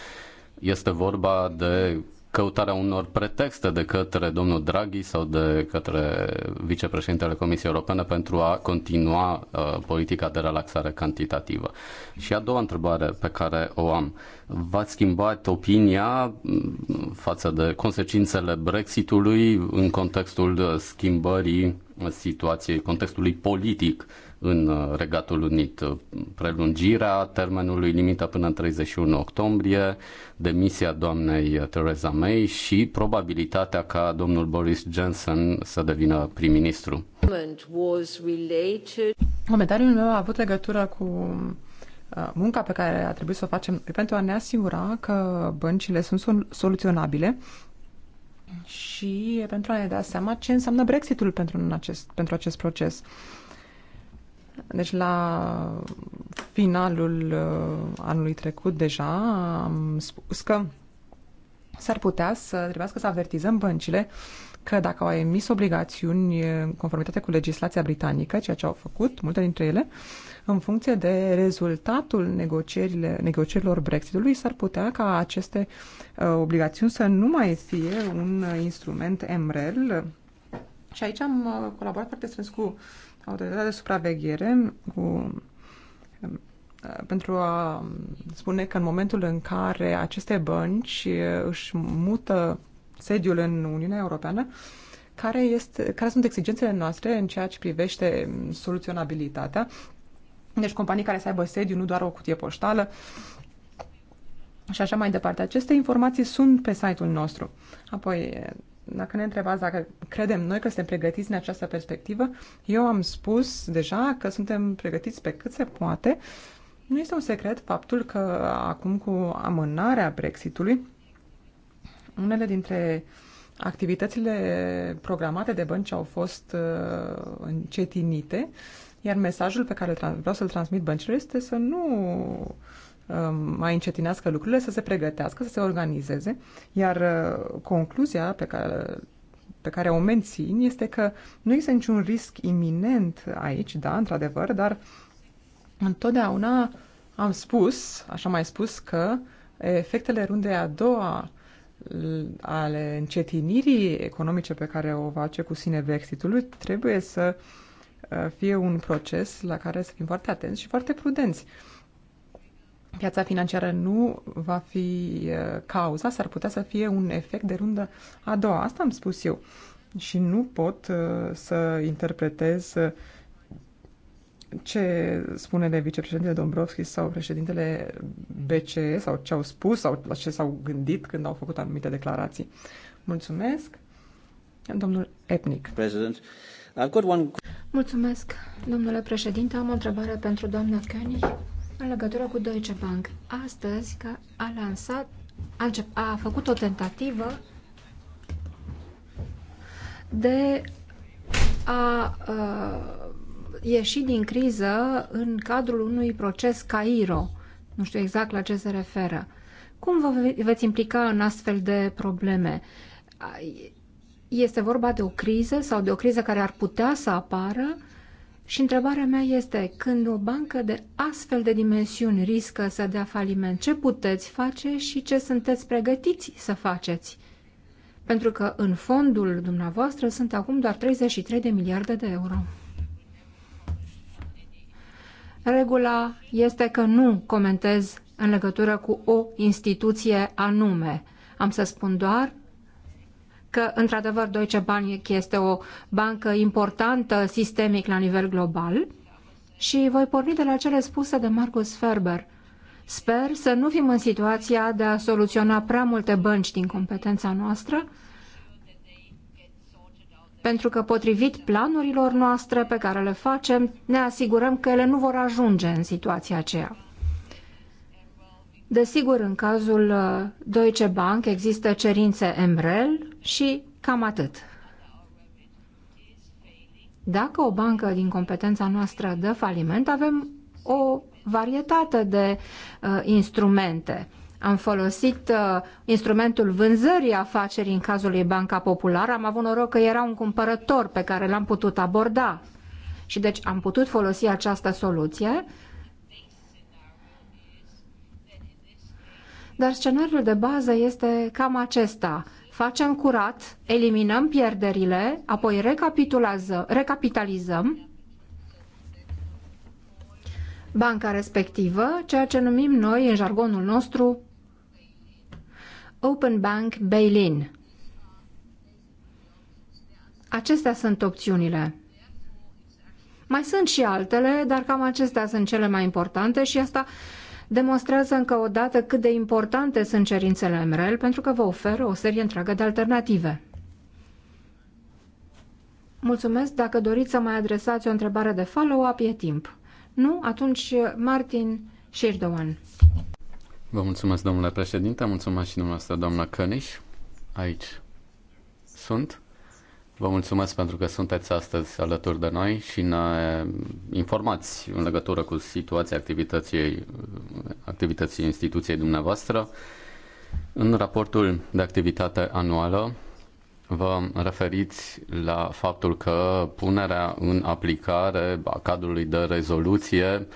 este vorba de căutarea unor pretexte de către domnul Draghi sau de către vicepreședintele Comisiei Europene pentru a continua uh, politica de relaxare cantitativă. Și a doua întrebare pe care o am. V-ați schimbat opinia mm, față de consecințele Brexitului în contextul uh, schimbării uh, situației, contextului politic uh, în uh, Regatul Unit. Uh, prelungirea termenului limită până în 31 octombrie, demisia doamnei uh, Theresa May și probabilitatea ca domnul Boris Johnson să devină prim-ministru. Comentariul meu a avut legătură cu munca pe care a trebuit să o facem pentru a ne asigura că băncile sunt soluționabile și pentru a ne da seama ce înseamnă Brexitul pentru, acest, pentru acest proces. Uh, deci la finalul uh, anului trecut deja am spus că s-ar putea să trebuiască să avertizăm băncile că dacă au emis obligațiuni în conformitate cu legislația britanică, ceea ce au făcut multe dintre ele, în funcție de rezultatul negocierilor Brexitului, s-ar putea ca aceste uh, obligațiuni să nu mai fie un instrument MREL. Și aici am uh, colaborat foarte strâns cu autoritatea de supraveghere cu, um, pentru a spune că în momentul în care aceste bănci uh, își mută sediul în Uniunea Europeană, care, este, care sunt exigențele noastre în ceea ce privește um, soluționabilitatea. Deci companii care să aibă sediu, nu doar o cutie poștală și așa mai departe. Aceste informații sunt pe site-ul nostru. Apoi, dacă ne întrebați dacă credem noi că suntem pregătiți în această perspectivă, eu am spus deja că suntem pregătiți pe cât se poate. Nu este un secret faptul că acum cu amânarea Brexitului, unele dintre activitățile programate de bănci au fost uh, încetinite, iar mesajul pe care vreau să-l transmit băncilor este să nu uh, Um, mai încetinească lucrurile, să se pregătească, să se organizeze, iar uh, concluzia pe care, pe care o mențin este că nu există niciun risc iminent aici, da, într-adevăr, dar întotdeauna am spus, așa mai spus, că efectele rundei a doua ale încetinirii economice pe care o face cu sine Brexitul trebuie să uh, fie un proces la care să fim foarte atenți și foarte prudenți. Uh, piața financiară nu va fi cauza, s-ar putea să fie un efect de rundă a doua. Asta am spus eu. Și nu pot să interpretez ce spune vicepreședintele Dombrovski sau președintele BCE sau ce au spus sau la ce s-au gândit când au făcut anumite declarații. Mulțumesc, domnul Epnic. President. I've got one... Mulțumesc, domnule președinte. Am o întrebare pentru doamna Kenny în legătură cu Deutsche Bank. Astăzi că a lansat, a, încep, a făcut o tentativă de a a uh, ieși din criză în cadrul unui proces Cairo. Nu știu exact la ce se referă. Cum vă veți implica în astfel de probleme? Este vorba de o criză sau de o criză care ar putea să apară? Și întrebarea mea este, când o bancă de astfel de dimensiuni riscă să dea faliment, ce puteți face și ce sunteți pregătiți să faceți? Pentru că în fondul dumneavoastră sunt acum doar 33 de miliarde de euro. Regula este că nu comentez în legătură cu o instituție anume. Am să spun doar că, într-adevăr, Deutsche Bank este o bancă importantă sistemic la nivel global și voi porni de la cele spuse de Marcus Ferber. Sper să nu fim în situația de a soluționa prea multe bănci din competența noastră, pentru că, potrivit planurilor noastre pe care le facem, ne asigurăm că ele nu vor ajunge în situația aceea. Desigur, în cazul uh, Deutsche Bank există cerințe MREL și cam atât. Dacă o bancă din competența noastră dă faliment, avem o varietate de uh, instrumente. Am folosit uh, instrumentul vânzării afacerii în cazul lui Banca Populară. Am avut noroc că era un cumpărător pe care l-am putut aborda. Și deci am putut folosi această soluție dar scenariul de bază este cam acesta. Facem curat, eliminăm pierderile, apoi recapitalizăm banca respectivă, ceea ce numim noi în jargonul nostru Open Bank Bail-in. Acestea sunt opțiunile. Mai sunt și altele, dar cam acestea sunt cele mai importante și asta demonstrează încă o dată cât de importante sunt cerințele MREL pentru că vă oferă o serie întreagă de alternative. Mulțumesc. Dacă doriți să mai adresați o întrebare de follow-up, e timp. Nu? Atunci Martin Shirdoan. Vă mulțumesc, domnule președinte, mulțumesc și dumneavoastră, doamna Căniș. Aici sunt. Vă mulțumesc pentru că sunteți astăzi alături de noi și ne informați în legătură cu situația activității, activității instituției dumneavoastră. În raportul de activitate anuală vă referiți la faptul că punerea în aplicare a cadrului de rezoluție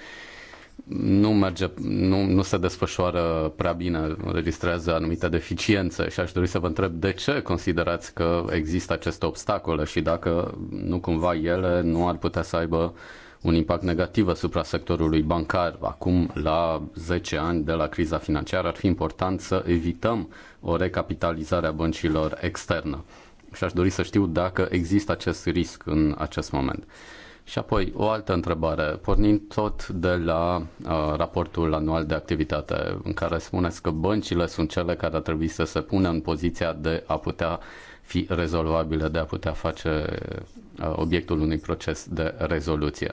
nu merge, nu, nu se desfășoară prea bine, înregistrează anumite deficiențe și aș dori să vă întreb de ce considerați că există aceste obstacole și dacă nu cumva ele nu ar putea să aibă un impact negativ asupra sectorului bancar. Acum, la 10 ani de la criza financiară, ar fi important să evităm o recapitalizare a băncilor externă. Și aș dori să știu dacă există acest risc în acest moment. Și apoi o altă întrebare, pornind tot de la uh, raportul anual de activitate, în care spuneți că băncile sunt cele care ar trebui să se pună în poziția de a putea fi rezolvabile, de a putea face uh, obiectul unui proces de rezoluție.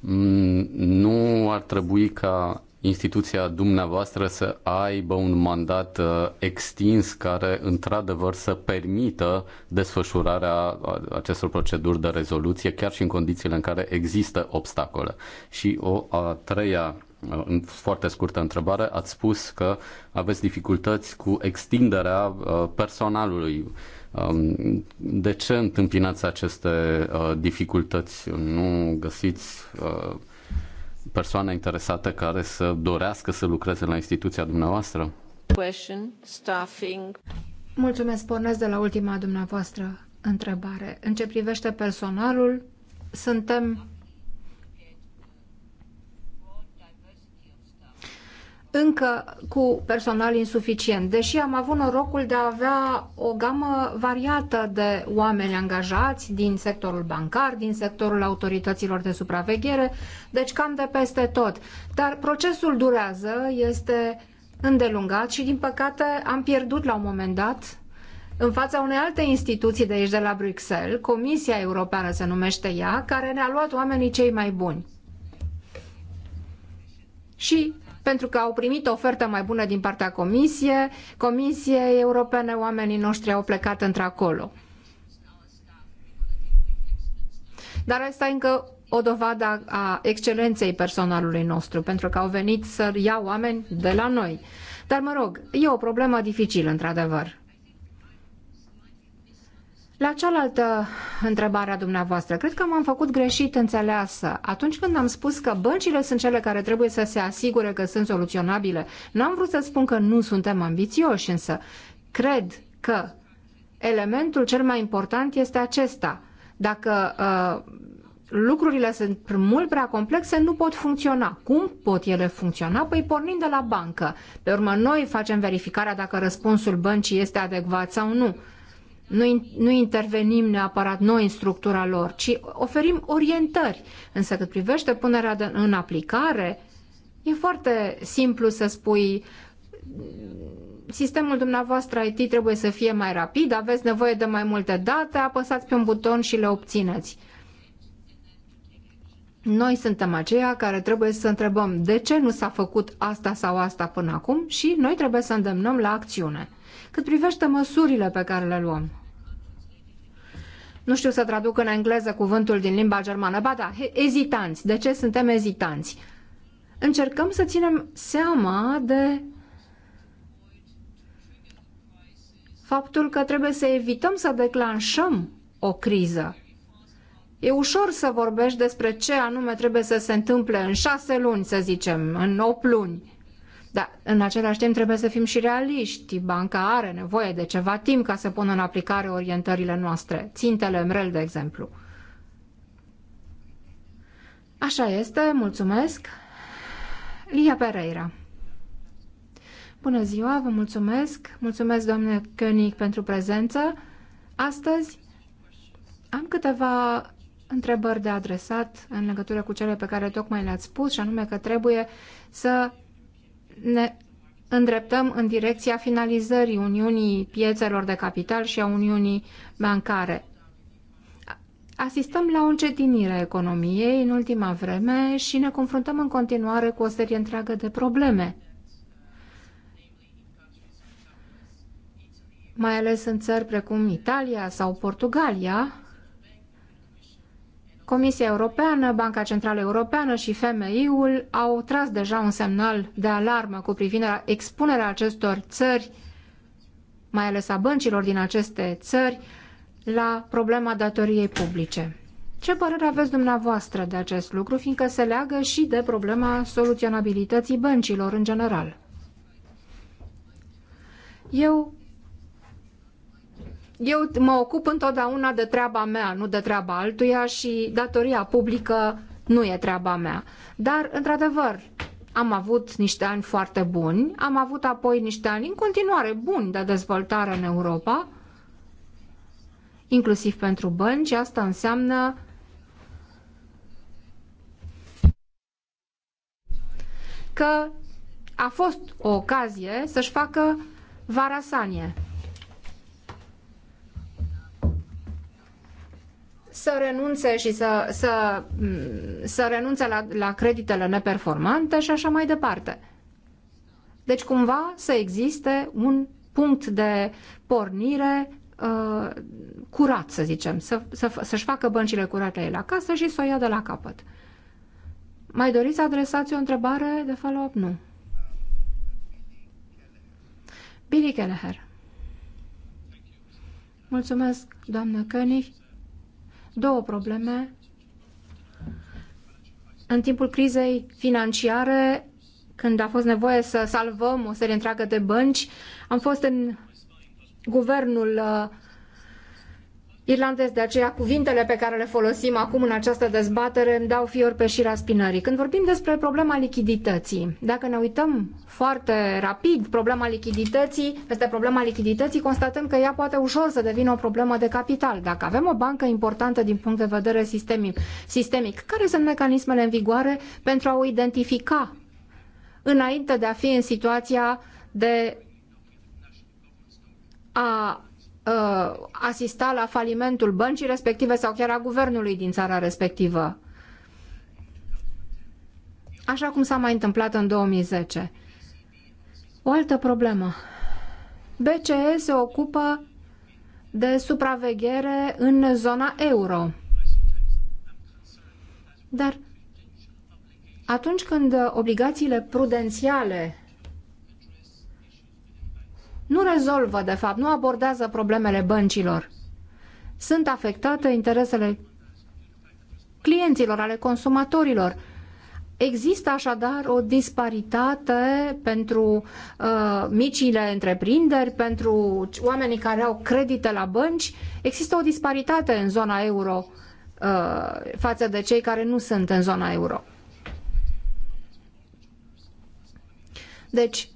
Mm, nu ar trebui ca instituția dumneavoastră să aibă un mandat uh, extins care într-adevăr să permită desfășurarea acestor proceduri de rezoluție chiar și în condițiile în care există obstacole. Și o a treia uh, foarte scurtă întrebare, ați spus că aveți dificultăți cu extinderea uh, personalului. Um, de ce întâmpinați aceste dificultăți? Nu găsiți persoane interesate care să dorească să lucreze la instituția dumneavoastră? Question, staffing. Mulțumesc, pornesc de la ultima dumneavoastră întrebare. În ce privește personalul, suntem încă cu personal insuficient, deși am avut norocul de a avea o gamă variată de oameni angajați din sectorul bancar, din sectorul autorităților de supraveghere, deci cam de peste tot. Dar procesul durează, este îndelungat și, din păcate, am pierdut la un moment dat în fața unei alte instituții de aici, de la Bruxelles, Comisia Europeană se numește ea, care ne-a luat oamenii cei mai buni. Și pentru că au primit o ofertă mai bună din partea Comisie, Comisiei Europene, oamenii noștri au plecat într-acolo. Dar asta e încă o dovadă a excelenței personalului nostru, pentru că au venit să ia oameni de la noi. Dar mă rog, e o problemă dificilă, într-adevăr. La cealaltă întrebare a dumneavoastră, cred că m-am făcut greșit înțeleasă. Atunci când am spus că băncile sunt cele care trebuie să se asigure că sunt soluționabile, n-am vrut să spun că nu suntem ambițioși, însă cred că elementul cel mai important este acesta. Dacă uh, lucrurile sunt mult prea complexe, nu pot funcționa. Cum pot ele funcționa? Păi pornind de la bancă. Pe urmă, noi facem verificarea dacă răspunsul băncii este adecvat sau nu nu, nu intervenim neapărat noi în structura lor, ci oferim orientări. Însă cât privește punerea de, în aplicare, e foarte simplu să spui sistemul dumneavoastră IT trebuie să fie mai rapid, aveți nevoie de mai multe date, apăsați pe un buton și le obțineți. Noi suntem aceia care trebuie să întrebăm de ce nu s-a făcut asta sau asta până acum și noi trebuie să îndemnăm la acțiune. Cât privește măsurile pe care le luăm, nu știu să traduc în engleză cuvântul din limba germană, ba da, ezitanți. De ce suntem ezitanți? Încercăm să ținem seama de faptul că trebuie să evităm să declanșăm o criză. E ușor să vorbești despre ce anume trebuie să se întâmple în șase luni, să zicem, în opt luni. Dar, în același timp, trebuie să fim și realiști. Banca are nevoie de ceva timp ca să pună în aplicare orientările noastre, țintele MREL, de exemplu. Așa este, mulțumesc. Lia Pereira. Bună ziua, vă mulțumesc. Mulțumesc, doamne König, pentru prezență. Astăzi am câteva întrebări de adresat în legătură cu cele pe care tocmai le-ați spus, și anume că trebuie să ne îndreptăm în direcția finalizării Uniunii Piețelor de Capital și a Uniunii Bancare. Asistăm la o încetinire a economiei în ultima vreme și ne confruntăm în continuare cu o serie întreagă de probleme. Mai ales în țări precum Italia sau Portugalia, Comisia Europeană, Banca Centrală Europeană și FMI-ul au tras deja un semnal de alarmă cu privire la expunerea acestor țări, mai ales a băncilor din aceste țări, la problema datoriei publice. Ce părere aveți dumneavoastră de acest lucru, fiindcă se leagă și de problema soluționabilității băncilor în general? Eu eu mă ocup întotdeauna de treaba mea, nu de treaba altuia și datoria publică nu e treaba mea. Dar, într-adevăr, am avut niște ani foarte buni, am avut apoi niște ani în continuare buni de dezvoltare în Europa, inclusiv pentru bănci, asta înseamnă că a fost o ocazie să-și facă varasanie. să renunțe și să, să, mm, să renunțe la, la creditele neperformante și așa mai departe. Deci cumva să existe un punct de pornire uh, curat, să zicem, să, să, să-și facă băncile curate la acasă și să o ia de la capăt. Mai doriți să adresați o întrebare de follow-up? Nu. Billy Kelleher. Mulțumesc, doamnă König două probleme. În timpul crizei financiare, când a fost nevoie să salvăm o serie întreagă de bănci, am fost în guvernul uh, irlandez. De aceea, cuvintele pe care le folosim acum în această dezbatere îmi dau fior pe șira spinării. Când vorbim despre problema lichidității, dacă ne uităm foarte rapid problema lichidității, peste problema lichidității, constatăm că ea poate ușor să devină o problemă de capital. Dacă avem o bancă importantă din punct de vedere sistemic, sistemic care sunt mecanismele în vigoare pentru a o identifica înainte de a fi în situația de a uh, asista la falimentul băncii respective sau chiar a guvernului din țara respectivă. Așa cum s-a mai întâmplat în 2010. O altă problemă. BCE se ocupă de supraveghere în zona euro. Dar atunci când obligațiile prudențiale nu rezolvă, de fapt, nu abordează problemele băncilor. Sunt afectate interesele clienților, ale consumatorilor. Există așadar o disparitate pentru uh, micile întreprinderi, pentru oamenii care au credite la bănci. Există o disparitate în zona euro uh, față de cei care nu sunt în zona euro. Deci,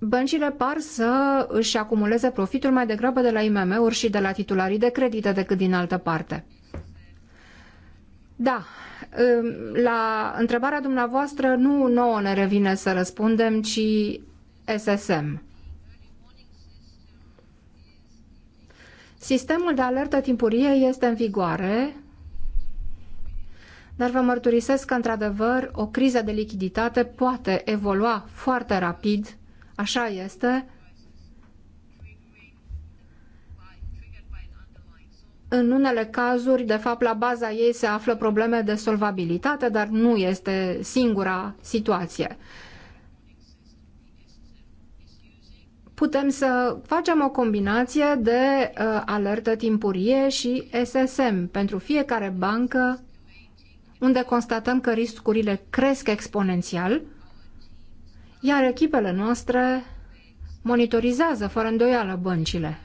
Băncile par să își acumuleze profitul mai degrabă de la IMM-uri și de la titularii de credite decât din altă parte. Da, la întrebarea dumneavoastră nu nouă ne revine să răspundem, ci SSM. Sistemul de alertă timpurie este în vigoare, dar vă mărturisesc că, într-adevăr, o criză de lichiditate poate evolua foarte rapid Așa este. În unele cazuri, de fapt, la baza ei se află probleme de solvabilitate, dar nu este singura situație. Putem să facem o combinație de uh, alertă timpurie și SSM pentru fiecare bancă unde constatăm că riscurile cresc exponențial, iar echipele noastre monitorizează fără îndoială băncile.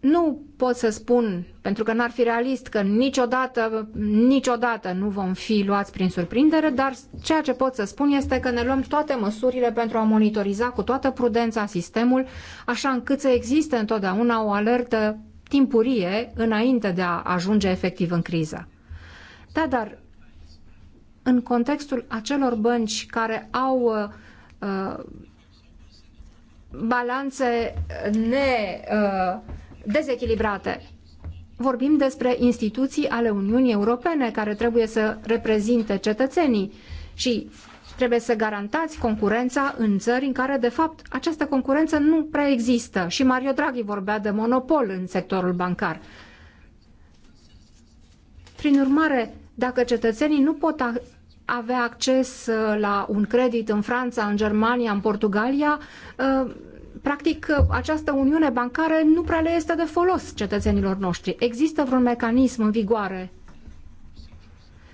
Nu pot să spun, pentru că n-ar fi realist, că niciodată, niciodată nu vom fi luați prin surprindere, dar ceea ce pot să spun este că ne luăm toate măsurile pentru a monitoriza cu toată prudența sistemul, așa încât să existe întotdeauna o alertă timpurie înainte de a ajunge efectiv în criză. Da, dar în contextul acelor bănci care au uh, uh, balanțe ne, uh, dezechilibrate. Vorbim despre instituții ale Uniunii Europene care trebuie să reprezinte cetățenii și trebuie să garantați concurența în țări în care, de fapt, această concurență nu prea există. Și Mario Draghi vorbea de monopol în sectorul bancar. Prin urmare, dacă cetățenii nu pot avea acces uh, la un credit în Franța, în Germania, în Portugalia, uh, practic uh, această uniune bancară nu prea le este de folos cetățenilor noștri. Există vreun mecanism în vigoare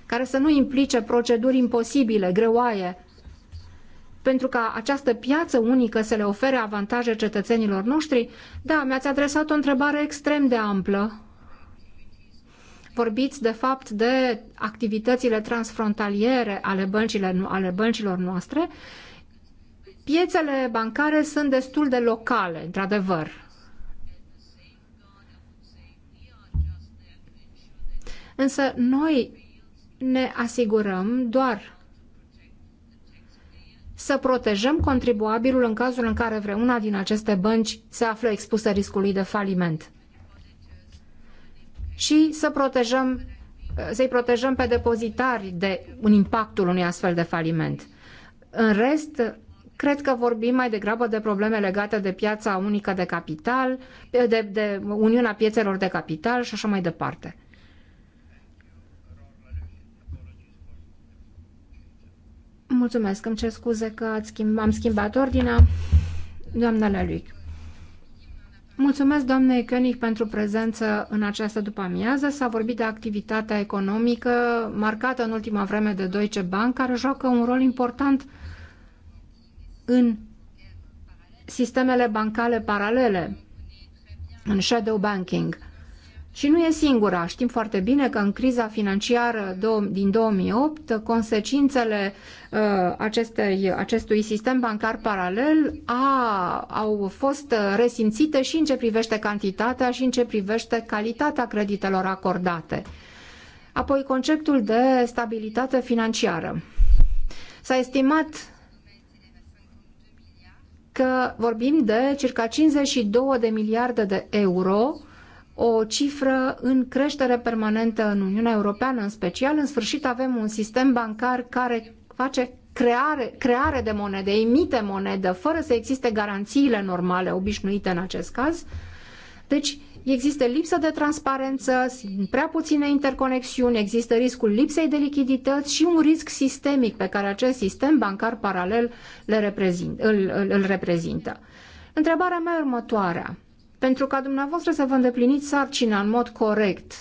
care să nu implice proceduri imposibile, greoaie, pentru ca această piață unică să le ofere avantaje cetățenilor noștri? Da, mi-ați adresat o întrebare extrem de amplă vorbiți de fapt de activitățile transfrontaliere ale, băncile, ale băncilor noastre, piețele bancare sunt destul de locale, într-adevăr. Însă noi ne asigurăm doar să protejăm contribuabilul în cazul în care vreuna din aceste bănci se află expusă riscului de faliment și să protejăm, să-i protejăm pe depozitari de un impactul unui astfel de faliment. În rest, cred că vorbim mai degrabă de probleme legate de piața unică de capital, de, de Uniunea Piețelor de Capital și așa mai departe. Mulțumesc, îmi cer scuze că ați schimb, am schimbat ordinea. Doamna Leluic. Mulțumesc, doamne Koenig pentru prezență în această după-amiază. S-a vorbit de activitatea economică marcată în ultima vreme de Deutsche Bank, care joacă un rol important în sistemele bancale paralele, în shadow banking. Și nu e singura. Știm foarte bine că în criza financiară din 2008, consecințele uh, acestei, acestui sistem bancar paralel a, au fost resimțite și în ce privește cantitatea și în ce privește calitatea creditelor acordate. Apoi conceptul de stabilitate financiară. S-a estimat că vorbim de circa 52 de miliarde de euro o cifră în creștere permanentă în Uniunea Europeană, în special. În sfârșit avem un sistem bancar care face creare, creare de monedă, emite monedă, fără să existe garanțiile normale obișnuite în acest caz. Deci există lipsă de transparență, prea puține interconexiuni, există riscul lipsei de lichidități și un risc sistemic pe care acest sistem bancar paralel le reprezint, îl, îl, îl reprezintă. Întrebarea mea următoarea pentru ca dumneavoastră să vă îndepliniți sarcina în mod corect,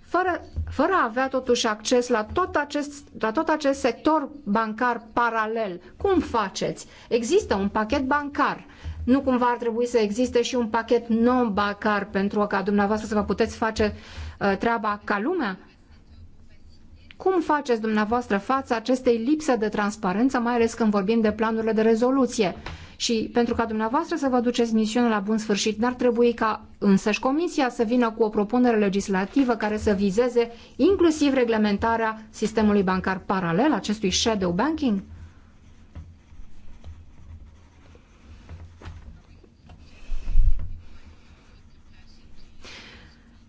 fără, fără a avea totuși acces la tot, acest, la tot acest sector bancar paralel. Cum faceți? Există un pachet bancar. Nu cumva ar trebui să existe și un pachet non-bancar pentru ca dumneavoastră să vă puteți face uh, treaba ca lumea? Cum faceți dumneavoastră față acestei lipse de transparență, mai ales când vorbim de planurile de rezoluție? Și pentru ca dumneavoastră să vă duceți misiunea la bun sfârșit, n-ar trebui ca însăși Comisia să vină cu o propunere legislativă care să vizeze inclusiv reglementarea sistemului bancar paralel, acestui shadow banking?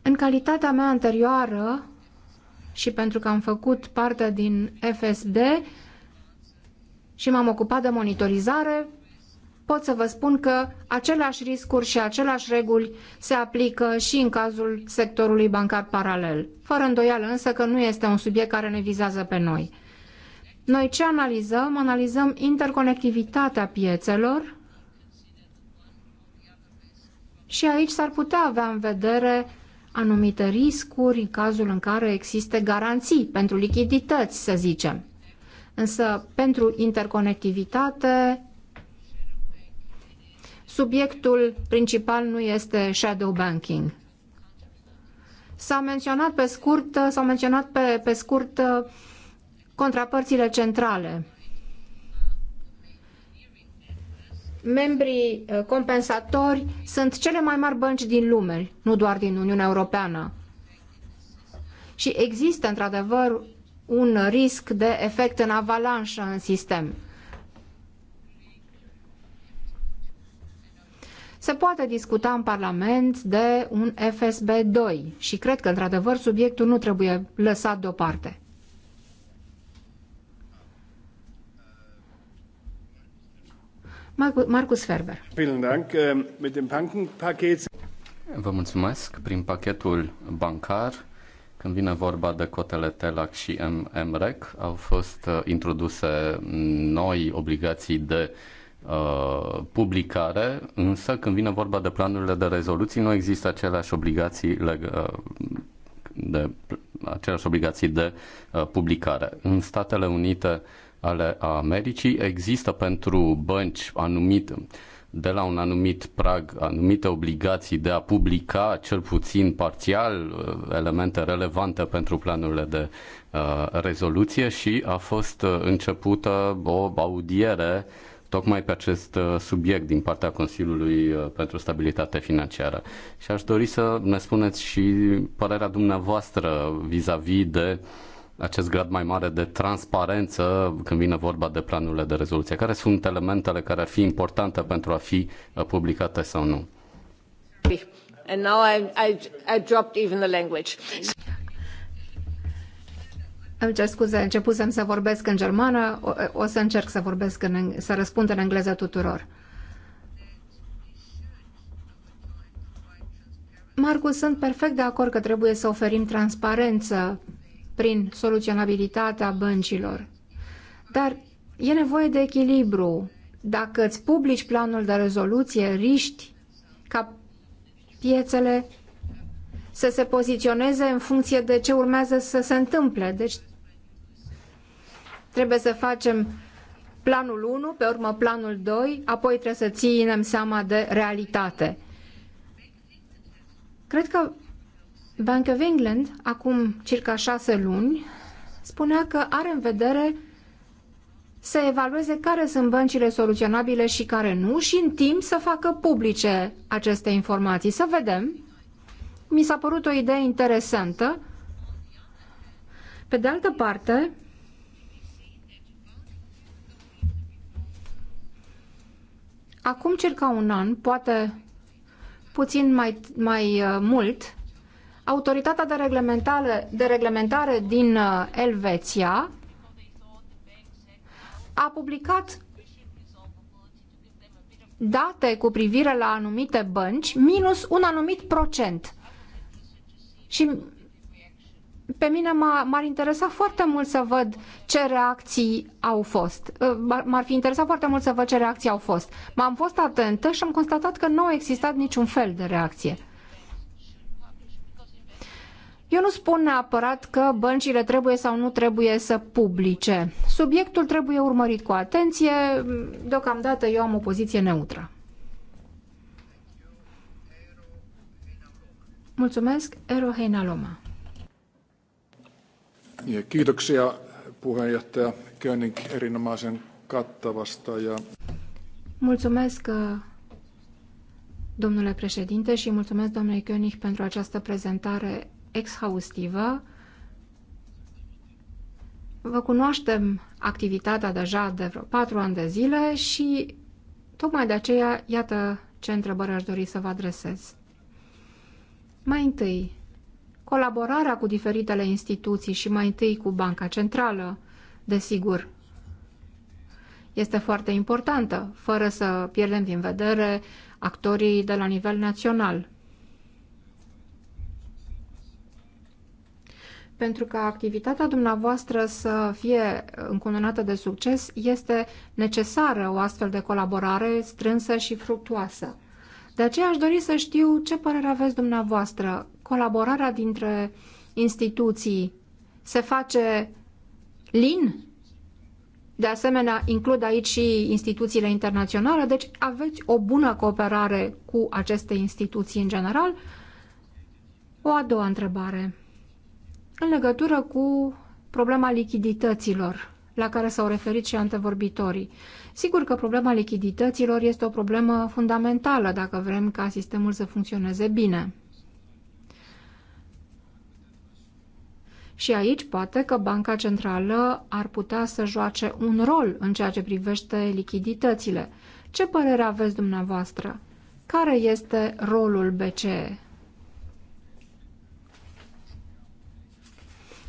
În calitatea mea anterioară și pentru că am făcut parte din FSD și m-am ocupat de monitorizare, pot să vă spun că aceleași riscuri și aceleași reguli se aplică și în cazul sectorului bancar paralel. Fără îndoială însă că nu este un subiect care ne vizează pe noi. Noi ce analizăm? Analizăm interconectivitatea piețelor și aici s-ar putea avea în vedere anumite riscuri în cazul în care există garanții pentru lichidități, să zicem. Însă, pentru interconectivitate, Subiectul principal nu este shadow banking. s a menționat pe scurt, s-au menționat pe, pe scurt uh, contrapărțile centrale. Membrii uh, compensatori sunt cele mai mari bănci din lume, nu doar din Uniunea Europeană. Și există, într-adevăr, un risc de efect în avalanșă în sistem. se poate discuta în Parlament de un FSB2 și cred că, într-adevăr, subiectul nu trebuie lăsat deoparte. Marcus Ferber. Äh, Vă mulțumesc. Prin pachetul bancar, când vine vorba de cotele TELAC și MREC, au fost uh, introduse noi obligații de uh, Uh, publicare, însă când vine vorba de planurile de rezoluții, nu există aceleași obligații uh, de, aceleași obligații de uh, publicare. În Statele Unite ale Americii există pentru bănci anumit, de la un anumit prag anumite obligații de a publica cel puțin parțial elemente relevante pentru planurile de rezoluție și a fost începută o audiere uh, tocmai pe acest uh, subiect din partea Consiliului uh, pentru Stabilitate Financiară. Și aș dori să ne spuneți și părerea dumneavoastră vis-a-vis -vis de acest grad mai mare de transparență când vine vorba de planurile de rezoluție. Care sunt elementele care ar fi importante pentru a fi uh, publicate sau nu? And now I, I, I dropped even the language. Îmi cer scuze, începusem să vorbesc în germană, o, o să încerc să vorbesc în, să răspund în engleză tuturor. Marcus, sunt perfect de acord că trebuie să oferim transparență prin soluționabilitatea băncilor. Dar e nevoie de echilibru. Dacă îți publici planul de rezoluție, riști ca piețele să se poziționeze în funcție de ce urmează să se întâmple. Deci Trebuie să facem planul 1, pe urmă planul 2, apoi trebuie să ținem seama de realitate. Cred că Bank of England, acum circa șase luni, spunea că are în vedere să evalueze care sunt băncile soluționabile și care nu și în timp să facă publice aceste informații. Să vedem. Mi s-a părut o idee interesantă. Pe de altă parte, Acum circa un an, poate puțin mai, mai uh, mult, autoritatea de reglementare, de reglementare din uh, Elveția a publicat date cu privire la anumite bănci minus un anumit procent. Și pe mine m-ar interesa foarte mult să văd ce reacții au fost. Ă, m-ar fi interesat foarte mult să văd ce reacții au fost. M-am fost atentă și am constatat că nu a existat niciun fel de reacție. Eu nu spun neapărat că băncile trebuie sau nu trebuie să publice. Subiectul trebuie urmărit cu atenție. Deocamdată eu am o poziție neutră. Mulțumesc, Ero Heinaloma. Kiitoksia puheenjohtaja erinomaisen kattavasta ja... Mulțumesc, uh, domnule președinte, și mulțumesc domnului König pentru această prezentare exhaustivă. Vă cunoaștem activitatea deja de vreo patru ani de zile și tocmai de aceea, iată ce întrebări aș dori să vă adresez. Mai întâi, colaborarea cu diferitele instituții și mai întâi cu Banca Centrală, desigur, este foarte importantă, fără să pierdem din vedere actorii de la nivel național. Pentru ca activitatea dumneavoastră să fie încununată de succes, este necesară o astfel de colaborare strânsă și fructuoasă. De aceea aș dori să știu ce părere aveți dumneavoastră colaborarea dintre instituții se face lin? De asemenea, includ aici și instituțiile internaționale, deci aveți o bună cooperare cu aceste instituții în general. O a doua întrebare. În legătură cu problema lichidităților, la care s-au referit și antevorbitorii. Sigur că problema lichidităților este o problemă fundamentală dacă vrem ca sistemul să funcționeze bine. Și aici poate că Banca Centrală ar putea să joace un rol în ceea ce privește lichiditățile. Ce părere aveți dumneavoastră? Care este rolul BCE?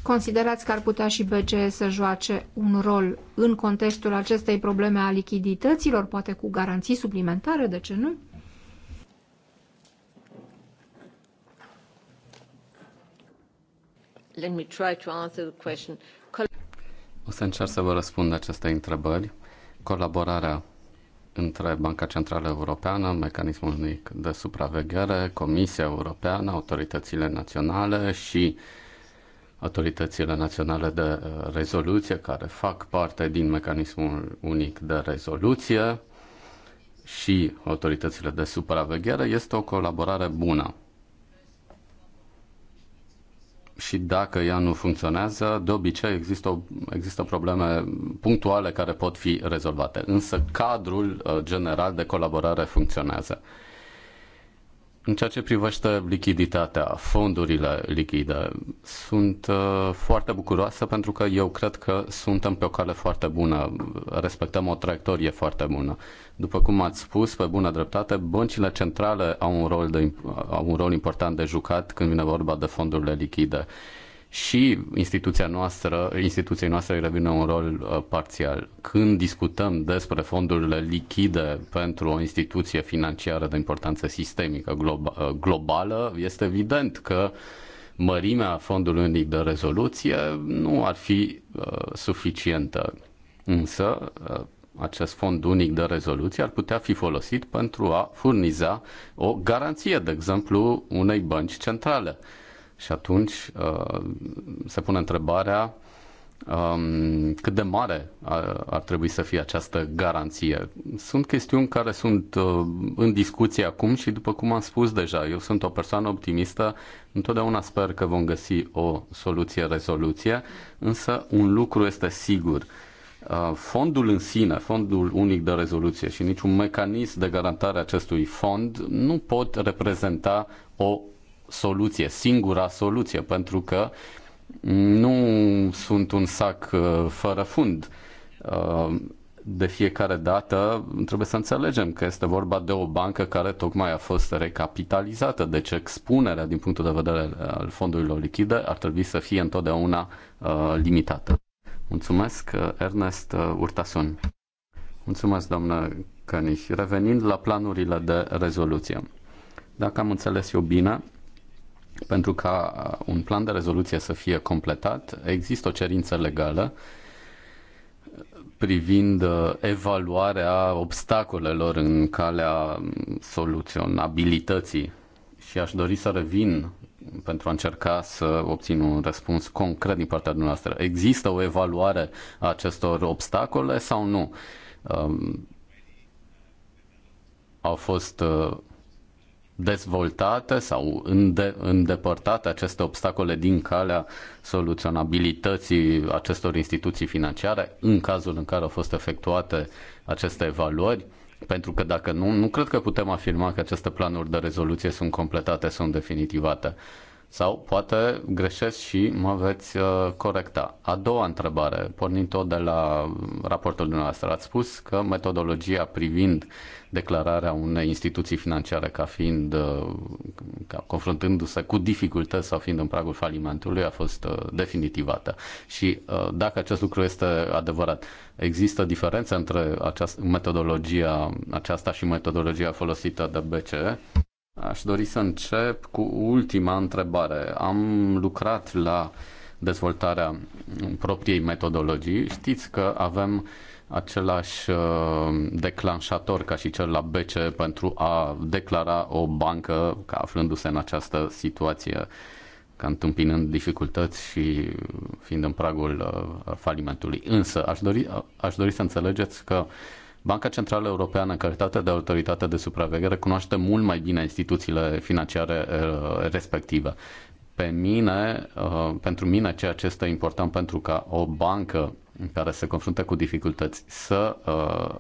Considerați că ar putea și BCE să joace un rol în contextul acestei probleme a lichidităților, poate cu garanții suplimentare, de ce nu? Let me try to answer the question. O să încerc să vă răspund aceste întrebări. Colaborarea între Banca Centrală Europeană, Mecanismul Unic de Supraveghere, Comisia Europeană, autoritățile naționale și autoritățile naționale de uh, rezoluție care fac parte din Mecanismul Unic de Rezoluție și autoritățile de supraveghere este o colaborare bună și dacă ea nu funcționează, de obicei există, există probleme punctuale care pot fi rezolvate. Însă cadrul uh, general de colaborare funcționează. În ceea ce privește lichiditatea, fondurile lichide, sunt uh, foarte bucuroasă pentru că eu cred că suntem pe o cale foarte bună, respectăm o traiectorie foarte bună. După cum ați spus, pe bună dreptate, băncile centrale au un rol, de, au un rol important de jucat când vine vorba de fondurile lichide. Uh, și instituția noastră, instituției noastre revine un rol uh, parțial. Când discutăm despre fondurile lichide pentru o instituție financiară de importanță sistemică globa, uh, globală, este evident că mărimea fondului unic de rezoluție nu ar fi uh, suficientă. Însă, uh, acest fond unic de rezoluție ar putea fi folosit pentru a furniza o garanție, de exemplu, unei bănci centrale. Și atunci uh, se pune întrebarea um, cât de mare ar trebui să fie această garanție. Sunt chestiuni care sunt uh, în discuție acum și după cum am spus deja, eu sunt o persoană optimistă, întotdeauna sper că vom găsi o soluție, rezoluție, însă un lucru este sigur. Uh, fondul în sine, fondul unic de rezoluție și niciun mecanism de garantare a acestui fond nu pot reprezenta o soluție, singura soluție, pentru că nu sunt un sac uh, fără fund. Uh, de fiecare dată trebuie să înțelegem că este vorba de o bancă care tocmai a fost recapitalizată, deci expunerea din punctul de vedere al fondurilor lichide ar trebui să fie întotdeauna uh, limitată. Mulțumesc, Ernest Urtason. Mulțumesc, doamnă Căniș. Revenind la planurile de rezoluție. Dacă am înțeles eu bine, pentru ca uh, un plan de rezoluție să fie completat, există o cerință legală uh, privind uh, evaluarea obstacolelor în calea um, soluționabilității și aș dori să revin pentru a încerca să obțin un răspuns concret din partea dumneavoastră. Există o evaluare a acestor obstacole sau nu? Um, au fost dezvoltate sau înde- îndepărtate aceste obstacole din calea soluționabilității acestor instituții financiare în cazul în care au fost efectuate aceste evaluări? Pentru că dacă nu, nu cred că putem afirma că aceste planuri de rezoluție sunt completate, sunt definitivate. Sau poate greșesc și mă veți uh, corecta. A doua întrebare, pornind tot de la raportul dumneavoastră, ați spus că metodologia privind declararea unei instituții financiare ca fiind, uh, confruntându-se cu dificultăți sau fiind în pragul falimentului, a fost uh, definitivată. Și uh, dacă acest lucru este adevărat, există diferență între această metodologia aceasta și metodologia folosită de BCE? Aș dori să încep cu ultima întrebare. Am lucrat la dezvoltarea propriei metodologii. Știți că avem același uh, declanșator ca și cel la BC pentru a declara o bancă ca aflându-se în această situație, ca întâmpinând dificultăți și fiind în pragul uh, falimentului. Însă aș dori, uh, aș dori să înțelegeți că uh, Banca Centrală Europeană, în calitate de autoritate de supraveghere, cunoaște mult mai bine instituțiile financiare eh, respective. Pe mine, eh, pentru mine, ceea ce este important pentru ca o bancă care se confruntă cu dificultăți să eh,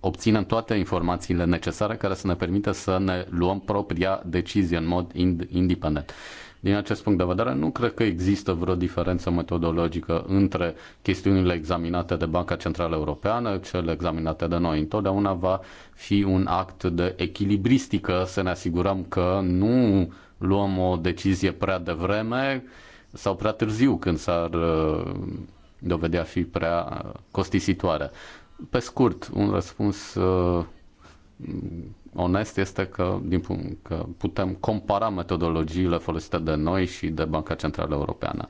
obținem toate informațiile necesare care să ne permită să ne luăm propria decizie în mod independent. Din acest punct de vedere, nu cred că există vreo diferență metodologică între chestiunile examinate de Banca Centrală Europeană, cele examinate de noi. Întotdeauna va fi un act de echilibristică să ne asigurăm că nu luăm o decizie prea devreme sau prea târziu când s-ar uh, dovedea fi prea uh, costisitoare. Pe scurt, un răspuns uh, onest este că, din punct, că putem compara metodologiile folosite de noi și de Banca Centrală Europeană.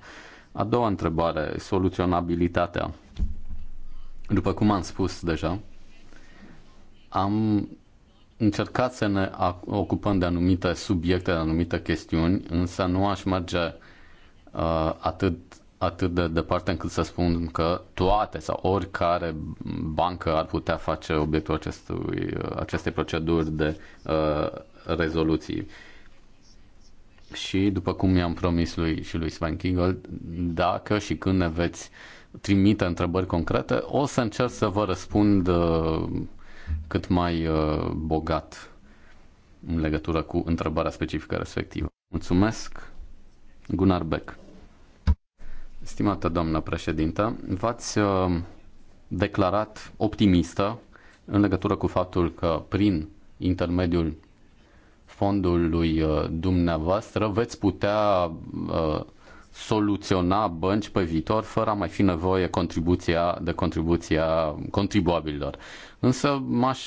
A doua întrebare, soluționabilitatea. După cum am spus deja, am încercat să ne ocupăm de anumite subiecte, de anumite chestiuni, însă nu aș merge uh, atât atât de departe încât să spun că toate sau oricare bancă ar putea face obiectul acestui, acestei proceduri de uh, rezoluții. Și după cum i-am promis lui și lui Sven Kingel, dacă și când ne veți trimite întrebări concrete, o să încerc să vă răspund uh, cât mai uh, bogat în legătură cu întrebarea specifică respectivă. Mulțumesc, Gunnar Beck. Stimată doamnă președintă, v-ați uh, declarat optimistă în legătură cu faptul că prin intermediul fondului uh, dumneavoastră veți putea uh, soluționa bănci pe viitor fără a mai fi nevoie contribuția, de contribuția contribuabililor. Însă m-aș,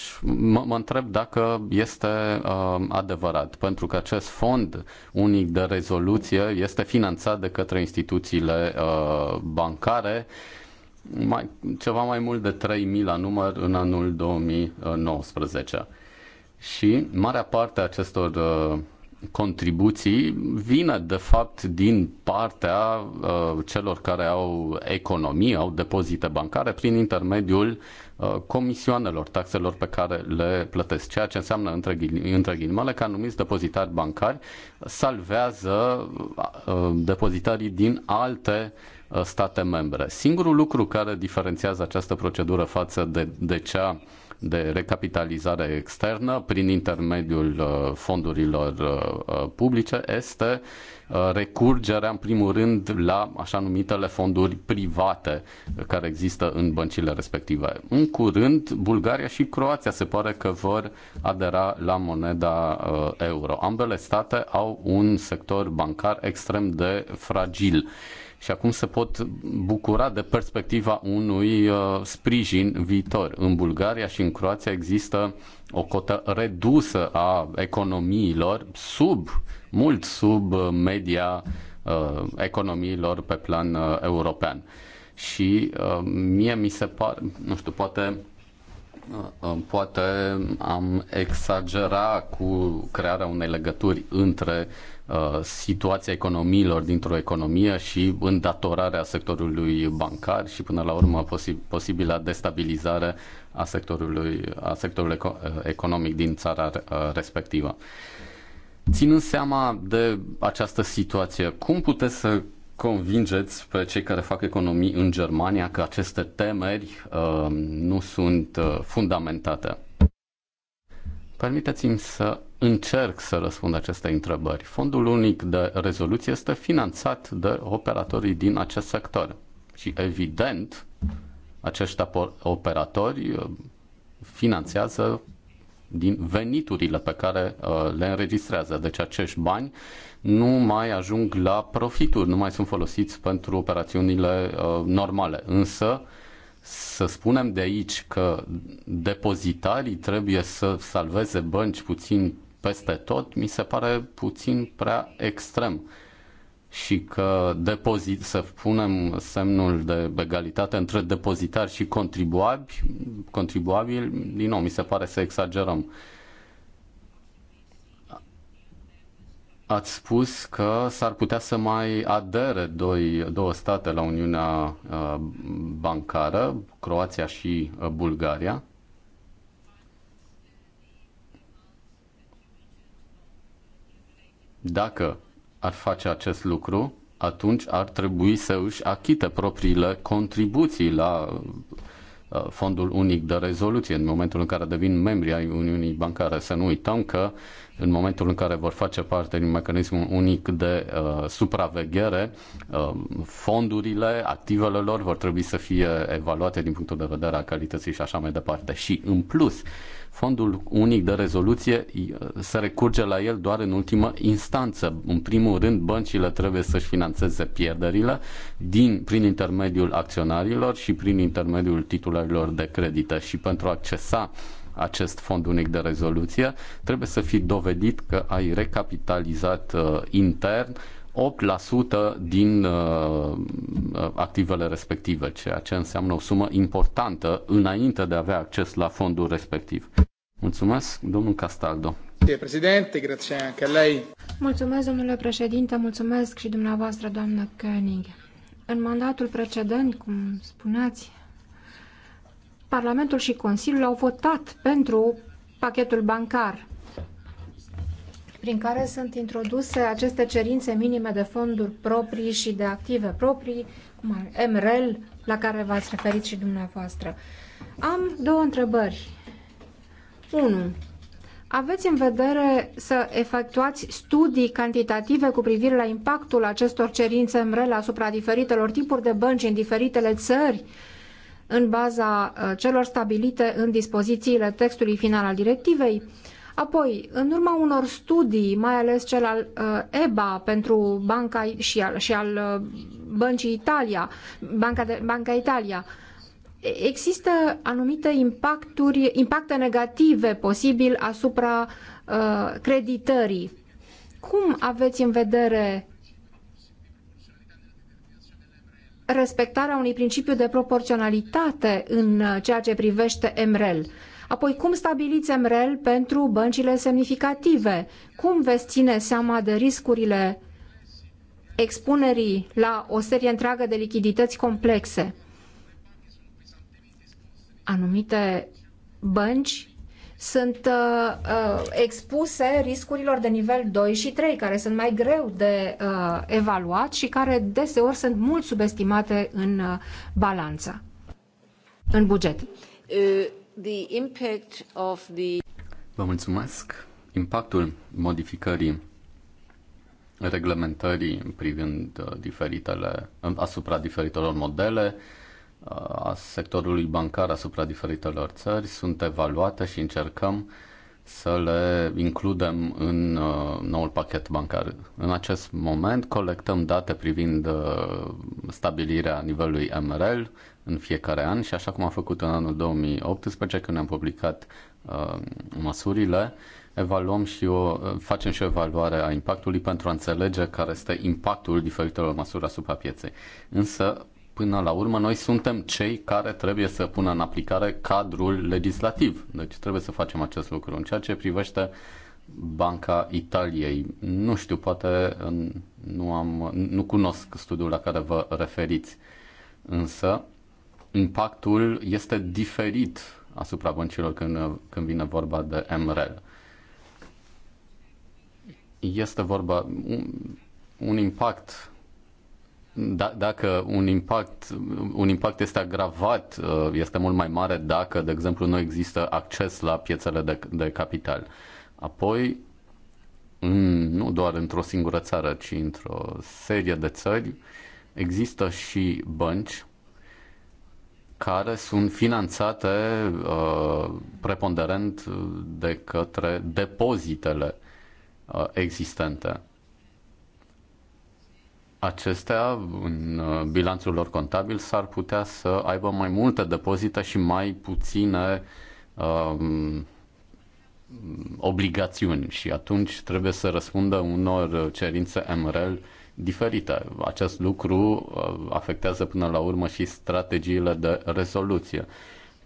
mă întreb dacă este uh, adevărat, pentru că acest fond unic de rezoluție este finanțat de către instituțiile uh, bancare mai, ceva mai mult de 3.000 la număr în anul 2019. Și marea parte a acestor uh, contribuții vine de fapt din partea uh, celor care au economii, au depozite bancare prin intermediul uh, comisioanelor, taxelor pe care le plătesc, ceea ce înseamnă între, între ghilimele că anumiți depozitari bancari salvează uh, depozitarii din alte state membre. Singurul lucru care diferențiază această procedură față de, de cea uh, de recapitalizare externă prin intermediul uh, fondurilor uh, uh, publice este recurgerea, în primul rând, la așa numitele fonduri private care există în băncile respective. În curând, Bulgaria și Croația se pare că vor adera la moneda euro. Ambele state au un sector bancar extrem de fragil și acum se pot bucura de perspectiva unui uh, sprijin viitor. În Bulgaria și în Croația există o cotă redusă a economiilor sub, mult sub uh, media uh, economiilor pe plan european. Și mie mi se pare, nu știu, poate poate am exagera cu crearea unei legături între Uh, situația economiilor dintr-o economie și îndatorarea sectorului bancar și până la urmă posi- posibila destabilizare a sectorului, a sectorului uh, economic din țara uh, respectivă. Ținând seama de această situație, cum puteți să convingeți pe cei care fac economii în Germania că aceste temeri uh, nu sunt uh, fundamentate? Permiteți-mi să încerc să răspund aceste întrebări. Fondul unic de rezoluție este finanțat de operatorii din acest sector. Și evident, acești operatori uh, finanțează din veniturile pe care uh, le înregistrează. Deci acești bani nu mai ajung la profituri, nu mai sunt folosiți pentru operațiunile uh, normale. Însă, să spunem de aici că depozitarii trebuie să salveze bănci puțin peste tot, mi se pare puțin prea extrem și că depozit, să punem semnul de egalitate între depozitari și contribuabili, contribuabili, din nou, mi se pare să exagerăm. Ați spus că s-ar putea să mai adere doi, două state la Uniunea uh, Bancară, Croația și uh, Bulgaria. Dacă ar face acest lucru, atunci ar trebui să își achite propriile contribuții la uh, fondul unic de rezoluție în momentul în care devin membri ai Uniunii Bancare. Să nu uităm că în momentul în care vor face parte din mecanismul unic de uh, supraveghere, uh, fondurile, activele lor vor trebui să fie evaluate din punctul de vedere a calității și așa mai departe. Și în plus, uh, Fondul unic de rezoluție uh, se recurge la el doar în ultimă instanță. În primul rând, băncile trebuie să-și financeze pierderile din, prin intermediul acționarilor și prin intermediul titularilor de credită. Și pentru a accesa acest fond unic de rezoluție, trebuie să fi dovedit că ai recapitalizat uh, intern 8% din uh, uh, activele respective, ceea ce înseamnă o sumă importantă înainte de a avea acces la fondul respectiv. Mulțumesc, domnul Castaldo. Președinte, grație anche lei. Mulțumesc, domnule președinte, mulțumesc și dumneavoastră, doamnă Koenig. În mandatul precedent, cum spuneați, Parlamentul și Consiliul au votat pentru pachetul bancar prin care sunt introduse aceste cerințe minime de fonduri proprii și de active proprii, cum ar MREL, la care v-ați referit și dumneavoastră. Am două întrebări. 1. Aveți în vedere să efectuați studii cantitative cu privire la impactul acestor cerințe MREL asupra diferitelor tipuri de bănci în diferitele țări în baza uh, celor stabilite în dispozițiile textului final al directivei? Apoi, în urma unor studii, mai ales cel al uh, EBA pentru Banca și al, și al uh, Băncii Italia, Banca, de, Banca Italia, există anumite impacturi, impacte negative posibil asupra uh, creditării. Cum aveți în vedere respectarea unui principiu de proporționalitate în uh, ceea ce privește MREL? Apoi, cum stabiliți MREL pentru băncile semnificative? Cum veți ține seama de riscurile expunerii la o serie întreagă de lichidități complexe? Anumite bănci sunt uh, uh, expuse riscurilor de nivel 2 și 3, care sunt mai greu de uh, evaluat și care deseori sunt mult subestimate în uh, balanță, în buget. Uh. The impact of the... Vă mulțumesc. Impactul modificării reglementării privind uh, diferitele, asupra diferitelor modele uh, a sectorului bancar asupra diferitelor țări sunt evaluate și încercăm să le includem în uh, noul pachet bancar. În acest moment colectăm date privind stabilirea nivelului MRL, în fiecare an și așa cum a făcut în anul 2018 când am publicat uh, măsurile, evaluăm și o, uh, facem și o evaluare a impactului pentru a înțelege care este impactul diferitelor măsuri asupra pieței. Însă, până la urmă, noi suntem cei care trebuie să pună în aplicare cadrul legislativ. Deci trebuie să facem acest lucru. În ceea ce privește Banca Italiei, nu știu, poate uh, nu, am, nu cunosc studiul la care vă referiți, însă impactul este diferit asupra băncilor când, când vine vorba de MREL. Este vorba un, un impact da, dacă un impact, un impact este agravat, uh, este mult mai mare dacă, de exemplu, nu există acces la piețele de, de capital. Apoi, nu doar într-o singură țară, ci într-o serie de țări, există și bănci care sunt finanțate uh, preponderent de către depozitele uh, existente. Acestea, în uh, bilanțul lor contabil, s-ar putea să aibă mai multe depozite și mai puține um, uh, obligațiuni și atunci trebuie să răspundă unor cerințe MREL uh, diferite. Acest lucru uh, afectează până la urmă și strategiile de rezoluție.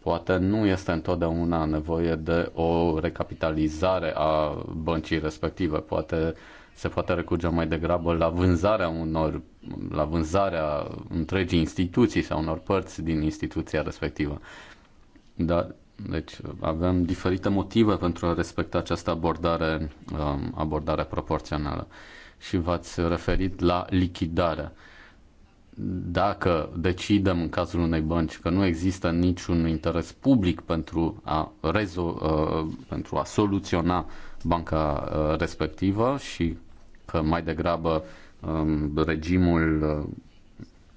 Poate nu este întotdeauna nevoie de o recapitalizare a băncii respective. Poate se poate recurge mai degrabă la vânzarea unor, la vânzarea întregii instituții sau unor părți din instituția respectivă. Da, deci avem diferite motive pentru a respecta această abordare, um, abordare proporțională și v-ați referit la lichidare. Dacă decidem în cazul unei bănci că nu există niciun interes public pentru a, rezo- uh, pentru a soluționa banca uh, respectivă și că mai degrabă um, regimul uh,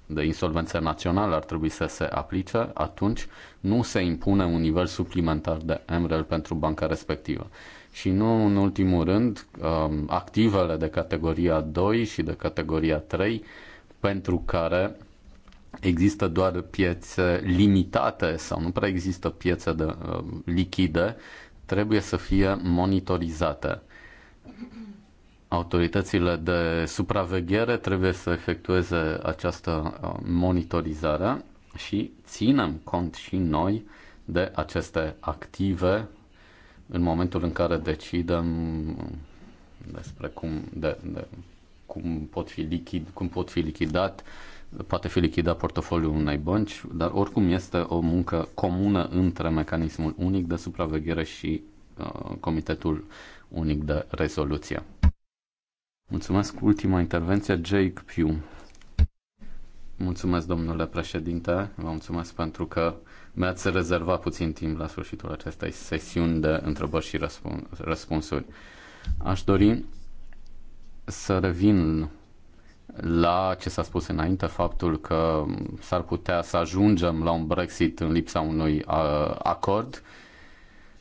de insolvență națională ar trebui să se aplice, atunci nu se impune un nivel suplimentar de MREL pentru banca respectivă și nu în ultimul rând um, activele de categoria 2 și de categoria 3 pentru care există doar piețe limitate sau nu prea există piețe de, uh, lichide, trebuie să fie monitorizate. Autoritățile de supraveghere trebuie să efectueze această uh, monitorizare și ținem cont și noi de aceste active în momentul în care decidem despre cum, de, de, cum, pot, fi lichid, cum pot fi lichidat, poate fi lichidat portofoliul unei bănci, dar oricum este o muncă comună între mecanismul unic de supraveghere și uh, Comitetul Unic de Rezoluție. Mulțumesc. Ultima intervenție, Jake Pugh. Mulțumesc, domnule președinte. Vă mulțumesc pentru că mi-ați rezervat puțin timp la sfârșitul acestei sesiuni de întrebări și răspunsuri. Aș dori să revin la ce s-a spus înainte, faptul că s-ar putea să ajungem la un Brexit în lipsa unui acord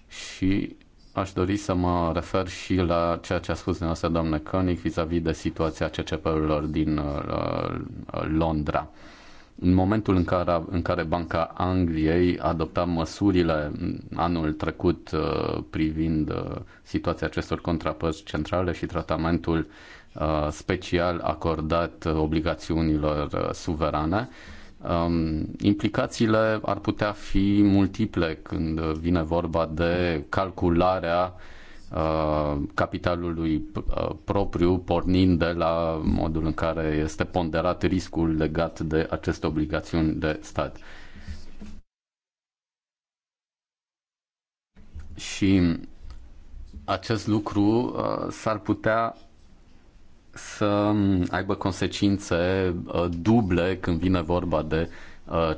și aș dori să mă refer și la ceea ce a spus dumneavoastră, doamnă Koenig, vis-a-vis de situația CCP-urilor din uh, Londra. Uh, în momentul în care, în care Banca Angliei adopta măsurile anul trecut uh, privind uh, situația acestor contrapăți centrale și tratamentul uh, special acordat obligațiunilor suverane, um, implicațiile ar putea fi multiple când vine vorba de calcularea Uh, capitalului uh, propriu, pornind de la modul în care este ponderat riscul legat de aceste obligațiuni de stat. Și acest lucru uh, s-ar putea să um, aibă consecințe duble când vine vorba de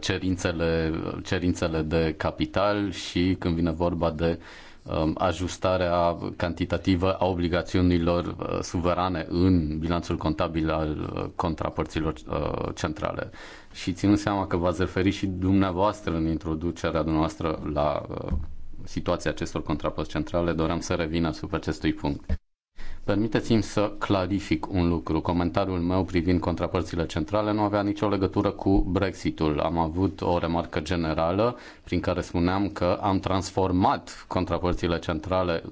cerințele, cerințele de capital și când vine vorba de uh, Um, ajustarea cantitativă a obligațiunilor uh, suverane în bilanțul contabil al uh, contrapărților uh, centrale. Și ținând seama că v-ați referit și dumneavoastră în introducerea dumneavoastră la situația acestor contrapărți centrale, doream să revin asupra acestui punct. Permiteți-mi să clarific un lucru. Comentariul meu privind contrapărțile centrale nu avea nicio legătură cu Brexitul. Am avut o remarcă generală prin care spuneam că am transformat contrapărțile centrale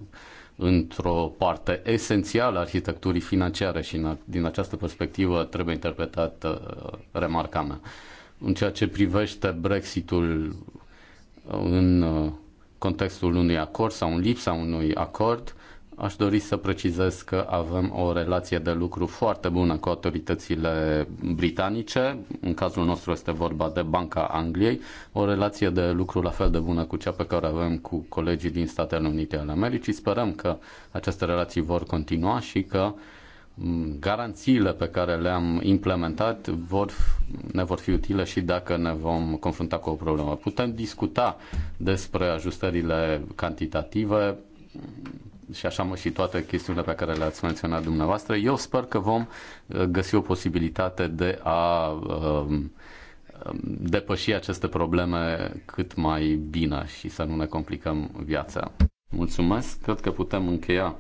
într-o parte esențială a arhitecturii financiare și din această perspectivă trebuie interpretată uh, remarca mea. În ceea ce privește Brexitul uh, în uh, contextul unui acord sau în lipsa unui acord, Aș dori să precizez că avem o relație de lucru foarte bună cu autoritățile britanice. În cazul nostru este vorba de Banca Angliei. O relație de lucru la fel de bună cu cea pe care avem cu colegii din Statele Unite ale Americii. Sperăm că aceste relații vor continua și că mm, garanțiile pe care le-am implementat vor, ne vor fi utile și dacă ne vom confrunta cu o problemă. Putem discuta despre ajustările cantitative, și așa mă și toate chestiunile pe care le-ați menționat dumneavoastră. Eu sper că vom uh, găsi o posibilitate de a um, um, depăși aceste probleme cât mai bine și să nu ne complicăm viața. Mulțumesc, cred că putem încheia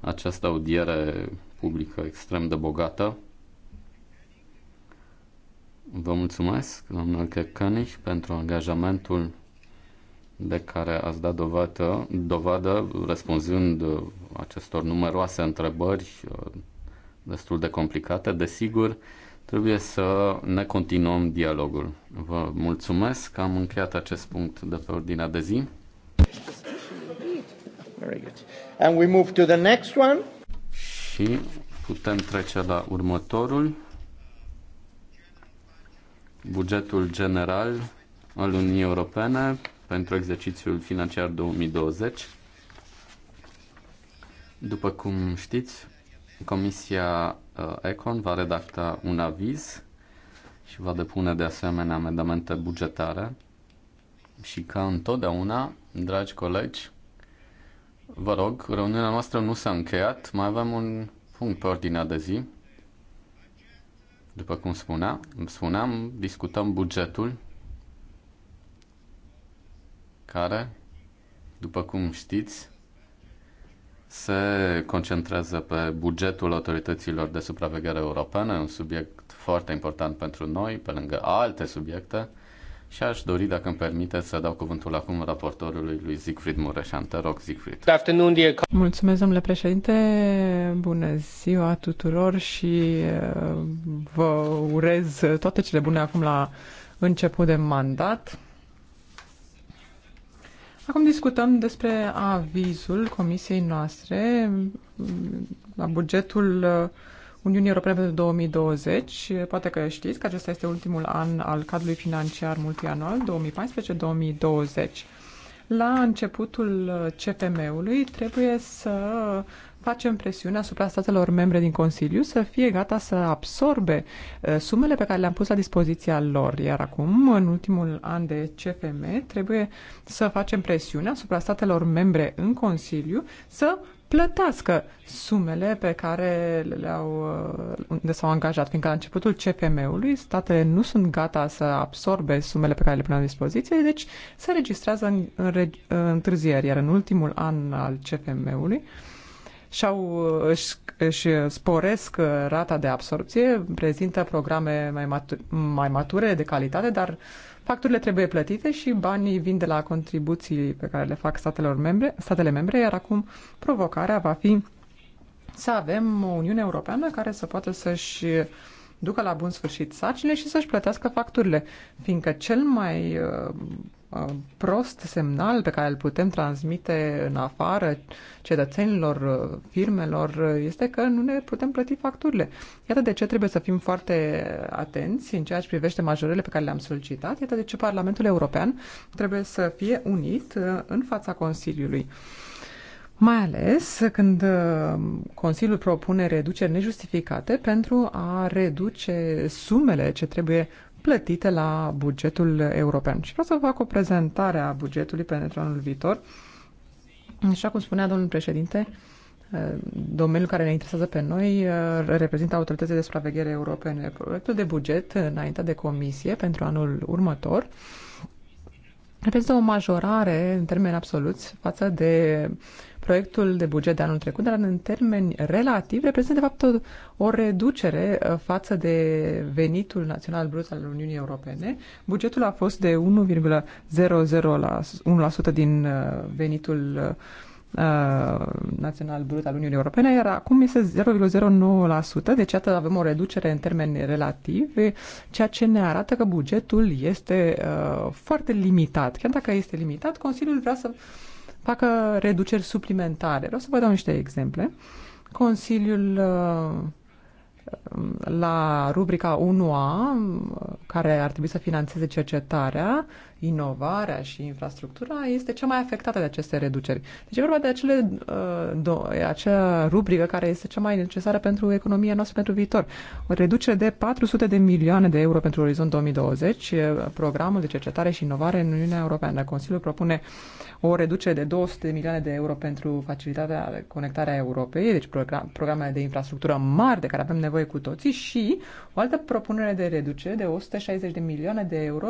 această audiere publică extrem de bogată. Vă mulțumesc, domnul Kekanic, pentru angajamentul de care ați dat dovadă, dovadă răspunzând acestor numeroase întrebări uh, destul de complicate. Desigur, trebuie să ne continuăm dialogul. Vă mulțumesc că am încheiat acest punct de pe ordinea de zi. Very good. And we move to the next one. Și putem trece la următorul. Bugetul general al Uniunii Europene pentru exercițiul financiar 2020. După cum știți, Comisia uh, Econ va redacta un aviz și va depune de asemenea amendamente bugetare și ca întotdeauna, dragi colegi, vă rog, reuniunea noastră nu s-a încheiat, mai avem un punct pe ordinea de zi. După cum spunea, spuneam, discutăm bugetul care, după cum știți, se concentrează pe bugetul autorităților de supraveghere europene, un subiect foarte important pentru noi, pe lângă alte subiecte, și aș dori, dacă îmi permite, să dau cuvântul acum raportorului lui Siegfried Mureșan. Te rog, Siegfried. Mulțumesc, domnule președinte. Bună ziua tuturor și uh, vă urez toate cele bune acum la început de mandat. Acum discutăm despre avizul comisiei noastre la bugetul uh, Uniunii Europene pentru 2020. Poate că știți că acesta este ultimul an al cadrului financiar multianual 2014-2020. La începutul uh, CFM-ului trebuie să facem presiune asupra statelor membre din Consiliu să fie gata să absorbe uh, sumele pe care le-am pus la dispoziția lor. Iar acum, în ultimul an de CFM, trebuie să facem presiune asupra statelor membre în Consiliu să plătească sumele pe care le-au, uh, unde s-au angajat, fiindcă la începutul CFM-ului statele nu sunt gata să absorbe sumele pe care le pun la dispoziție, deci se registrează în, în, uh, întârzieri, iar în ultimul an al CFM-ului și-au, își, își sporesc rata de absorpție, prezintă programe mai, matur, mai mature, de calitate, dar facturile trebuie plătite și banii vin de la contribuții pe care le fac statelor membre, statele membre, iar acum provocarea va fi să avem o Uniune Europeană care să poată să-și ducă la bun sfârșit sarcinile și să-și plătească facturile, fiindcă cel mai prost semnal pe care îl putem transmite în afară cetățenilor, firmelor, este că nu ne putem plăti facturile. Iată de ce trebuie să fim foarte atenți în ceea ce privește majorele pe care le-am solicitat, iată de ce Parlamentul European trebuie să fie unit uh, în fața Consiliului. Mai ales când uh, Consiliul propune reduceri nejustificate pentru a reduce sumele ce trebuie plătite la bugetul european. Și vreau să fac o prezentare a bugetului pentru anul viitor. Așa cum spunea domnul președinte, eh, domeniul care ne interesează pe noi eh, reprezintă autoritățile de supraveghere europene. Proiectul de buget înainte de comisie pentru anul următor reprezintă o majorare în termeni absoluți față de proiectul de buget de anul trecut, dar în termeni relativ reprezintă de fapt o, o reducere uh, față de venitul național brut al Uniunii Europene. Bugetul a fost de 1,001% din uh, venitul uh, național brut al Uniunii Europene, iar acum este 0,09%, deci atât avem o reducere în termeni relativi, ceea ce ne arată că bugetul este uh, foarte limitat. Chiar dacă este limitat, Consiliul vrea să uh, facă reduceri suplimentare. Vreau să vă dau niște exemple. Consiliul uh, la rubrica 1A, uh, care ar trebui să financeze cercetarea, inovarea și infrastructura, este cea mai afectată de aceste reduceri. Deci e vorba de acele, uh, do, acea rubrică care este cea mai necesară pentru economia noastră pentru viitor. O reducere de 400 de milioane de euro pentru Orizont 2020, programul de cercetare și inovare în Uniunea Europeană. Consiliul propune o reducere de 200 de milioane de euro pentru facilitatea de conectare a Europei, deci program, programele de infrastructură mari de care avem nevoie cu toții și o altă propunere de reducere de 160 de milioane de euro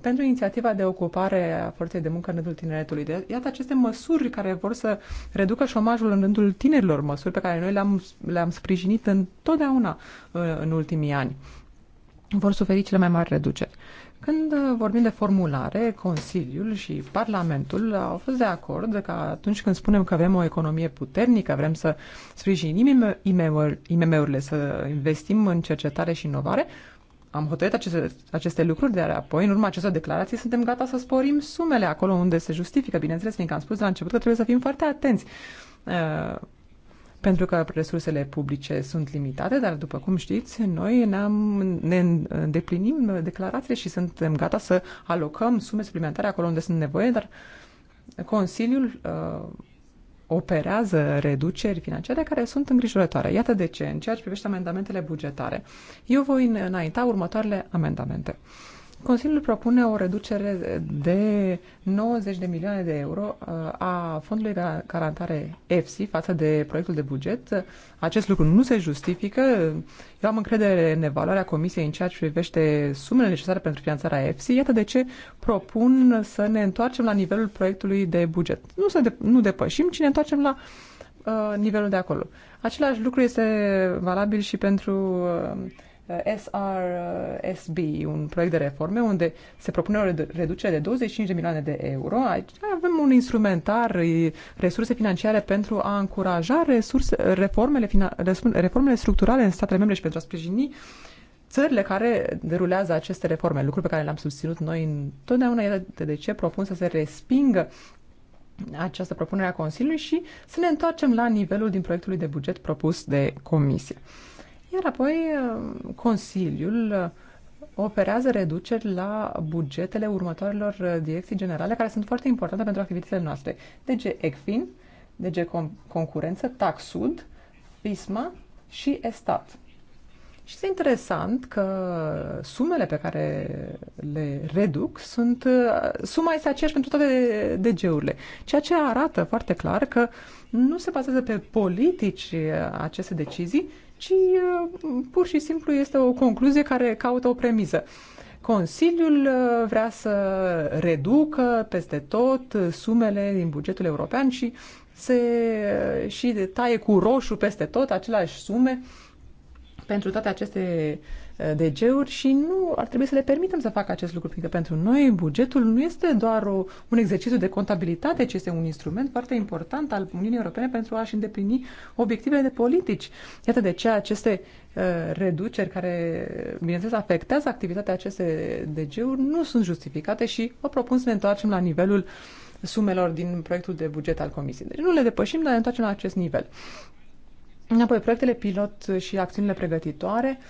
pentru inițiativa de ocupare a forței de muncă în rândul tineretului. De, iată aceste măsuri care vor să reducă șomajul în rândul tinerilor, măsuri pe care noi le-am, le-am sprijinit întotdeauna uh, în ultimii ani. Vor suferi cele mai mari reduceri. Când vorbim de formulare, Consiliul și Parlamentul au fost de acord că atunci când spunem că avem o economie puternică, vrem să sprijinim IMM-urile, să investim în cercetare și inovare, am hotărât aceste, aceste lucruri, dar apoi, în urma acestor declarații, suntem gata să sporim sumele acolo unde se justifică, bineînțeles, fiindcă am spus de la început că trebuie să fim foarte atenți pentru că resursele publice sunt limitate, dar după cum știți, noi ne, ne îndeplinim declarațiile și suntem gata să alocăm sume suplimentare acolo unde sunt nevoie, dar Consiliul uh, operează reduceri financiare care sunt îngrijorătoare. Iată de ce, în ceea ce privește amendamentele bugetare, eu voi înainta următoarele amendamente. Uh, Consiliul propune o reducere de 90 de milioane de euro uh, a fondului de garantare EFSI față de proiectul de buget. Acest lucru nu se justifică. Eu am încredere în evaluarea Comisiei în ceea ce privește sumele necesare pentru finanțarea EFSI. Iată de ce propun să ne întoarcem la nivelul proiectului de buget. Nu să de, nu depășim, ci ne întoarcem la uh, nivelul de acolo. Același lucru este valabil și pentru uh, Uh, SRSB, un proiect de reforme unde se propune o reducere de 25 de milioane de euro. Aici avem un instrumentar, resurse financiare pentru a încuraja resurse, reformele, reformele structurale în statele membre și pentru a sprijini țările care derulează aceste reforme, lucruri pe care le-am susținut noi întotdeauna, iată de ce propun să se respingă această propunere a Consiliului și să ne întoarcem la nivelul din proiectul de buget propus de Comisie. Iar apoi uh, Consiliul uh, operează reduceri la bugetele următoarelor uh, direcții generale care sunt foarte importante pentru activitățile noastre. DG deci, ECFIN, DG deci Concurență, TAXUD, PISMA și ESTAT. Și este interesant că sumele pe care le reduc sunt, suma este aceeași pentru toate DG-urile, ceea ce arată foarte clar că nu se bazează pe politici aceste decizii, ci uh, pur și simplu este o concluzie care caută o premiză. Consiliul uh, vrea să reducă peste tot sumele din bugetul european și se și taie cu roșu peste tot aceleași sume pentru toate aceste uh, Eh, DG-uri și nu ar trebui să le permitem să facă acest lucru, că pentru noi bugetul nu este doar o, un exercițiu de contabilitate, ci este un instrument foarte important al Uniunii Europene pentru a-și îndeplini obiectivele de politici. Iată de ce aceste eh, reduceri care, bineînțeles, afectează activitatea acestei DG-uri nu sunt justificate și o propun să ne întoarcem la nivelul sumelor din proiectul de buget al Comisiei. Deci nu le depășim, dar ne întoarcem la acest nivel. Apoi, proiectele pilot și acțiunile pregătitoare. Uh,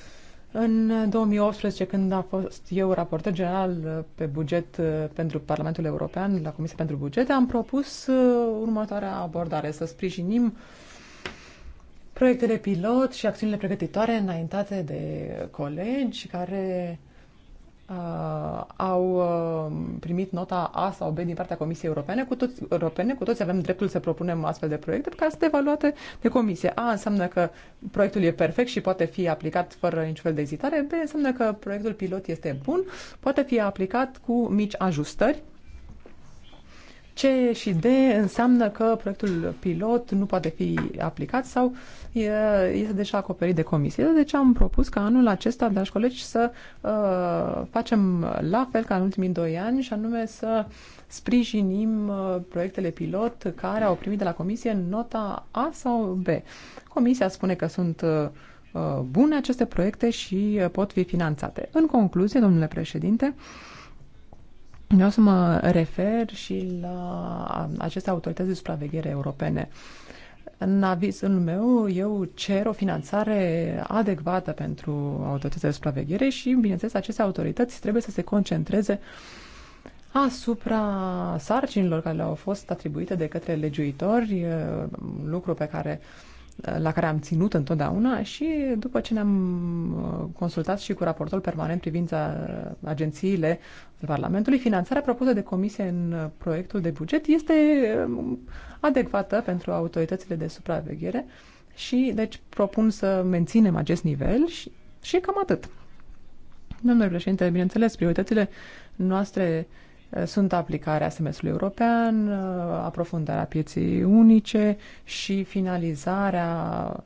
în 2018, când a fost eu raportor general uh, pe buget uh, pentru Parlamentul European, la Comisia pentru Bugete, am propus uh, următoarea abordare, să sprijinim proiectele pilot și acțiunile pregătitoare înaintate de colegi care uh, au uh, primit nota A sau B din partea Comisiei Europene. Cu toți, europene, cu toți avem dreptul să propunem astfel de proiecte care sunt evaluate de Comisie. A înseamnă că proiectul e perfect și poate fi aplicat fără niciun fel de ezitare. B înseamnă că proiectul pilot este bun, poate fi aplicat cu mici ajustări C și D înseamnă că proiectul pilot nu poate fi aplicat sau este deja acoperit de comisie. Deci am propus ca anul acesta, dragi colegi, să uh, facem la fel ca în ultimii doi ani și anume să sprijinim uh, proiectele pilot care au primit de la comisie nota A sau B. Comisia spune că sunt uh, uh bune aceste proiecte și uh, pot fi finanțate. În concluzie, domnule președinte, uh, Vreau să mă refer și la aceste autorități de supraveghere europene. În avizul meu, eu cer o finanțare adecvată pentru autoritățile de supraveghere și, bineînțeles, aceste autorități trebuie să se concentreze asupra sarcinilor care le-au fost atribuite de către legiuitori, lucru pe care uh, la care am ținut întotdeauna și după ce ne-am uh, consultat și cu raportul permanent privind uh, agențiile Parlamentului, finanțarea propusă de comisie în uh, proiectul de buget este um, adecvată pentru autoritățile de supraveghere și deci propun să menținem acest nivel și, și cam atât. Domnule președinte, bineînțeles, prioritățile noastre uh, sunt aplicarea semestrului european, uh, aprofundarea pieței unice și finalizarea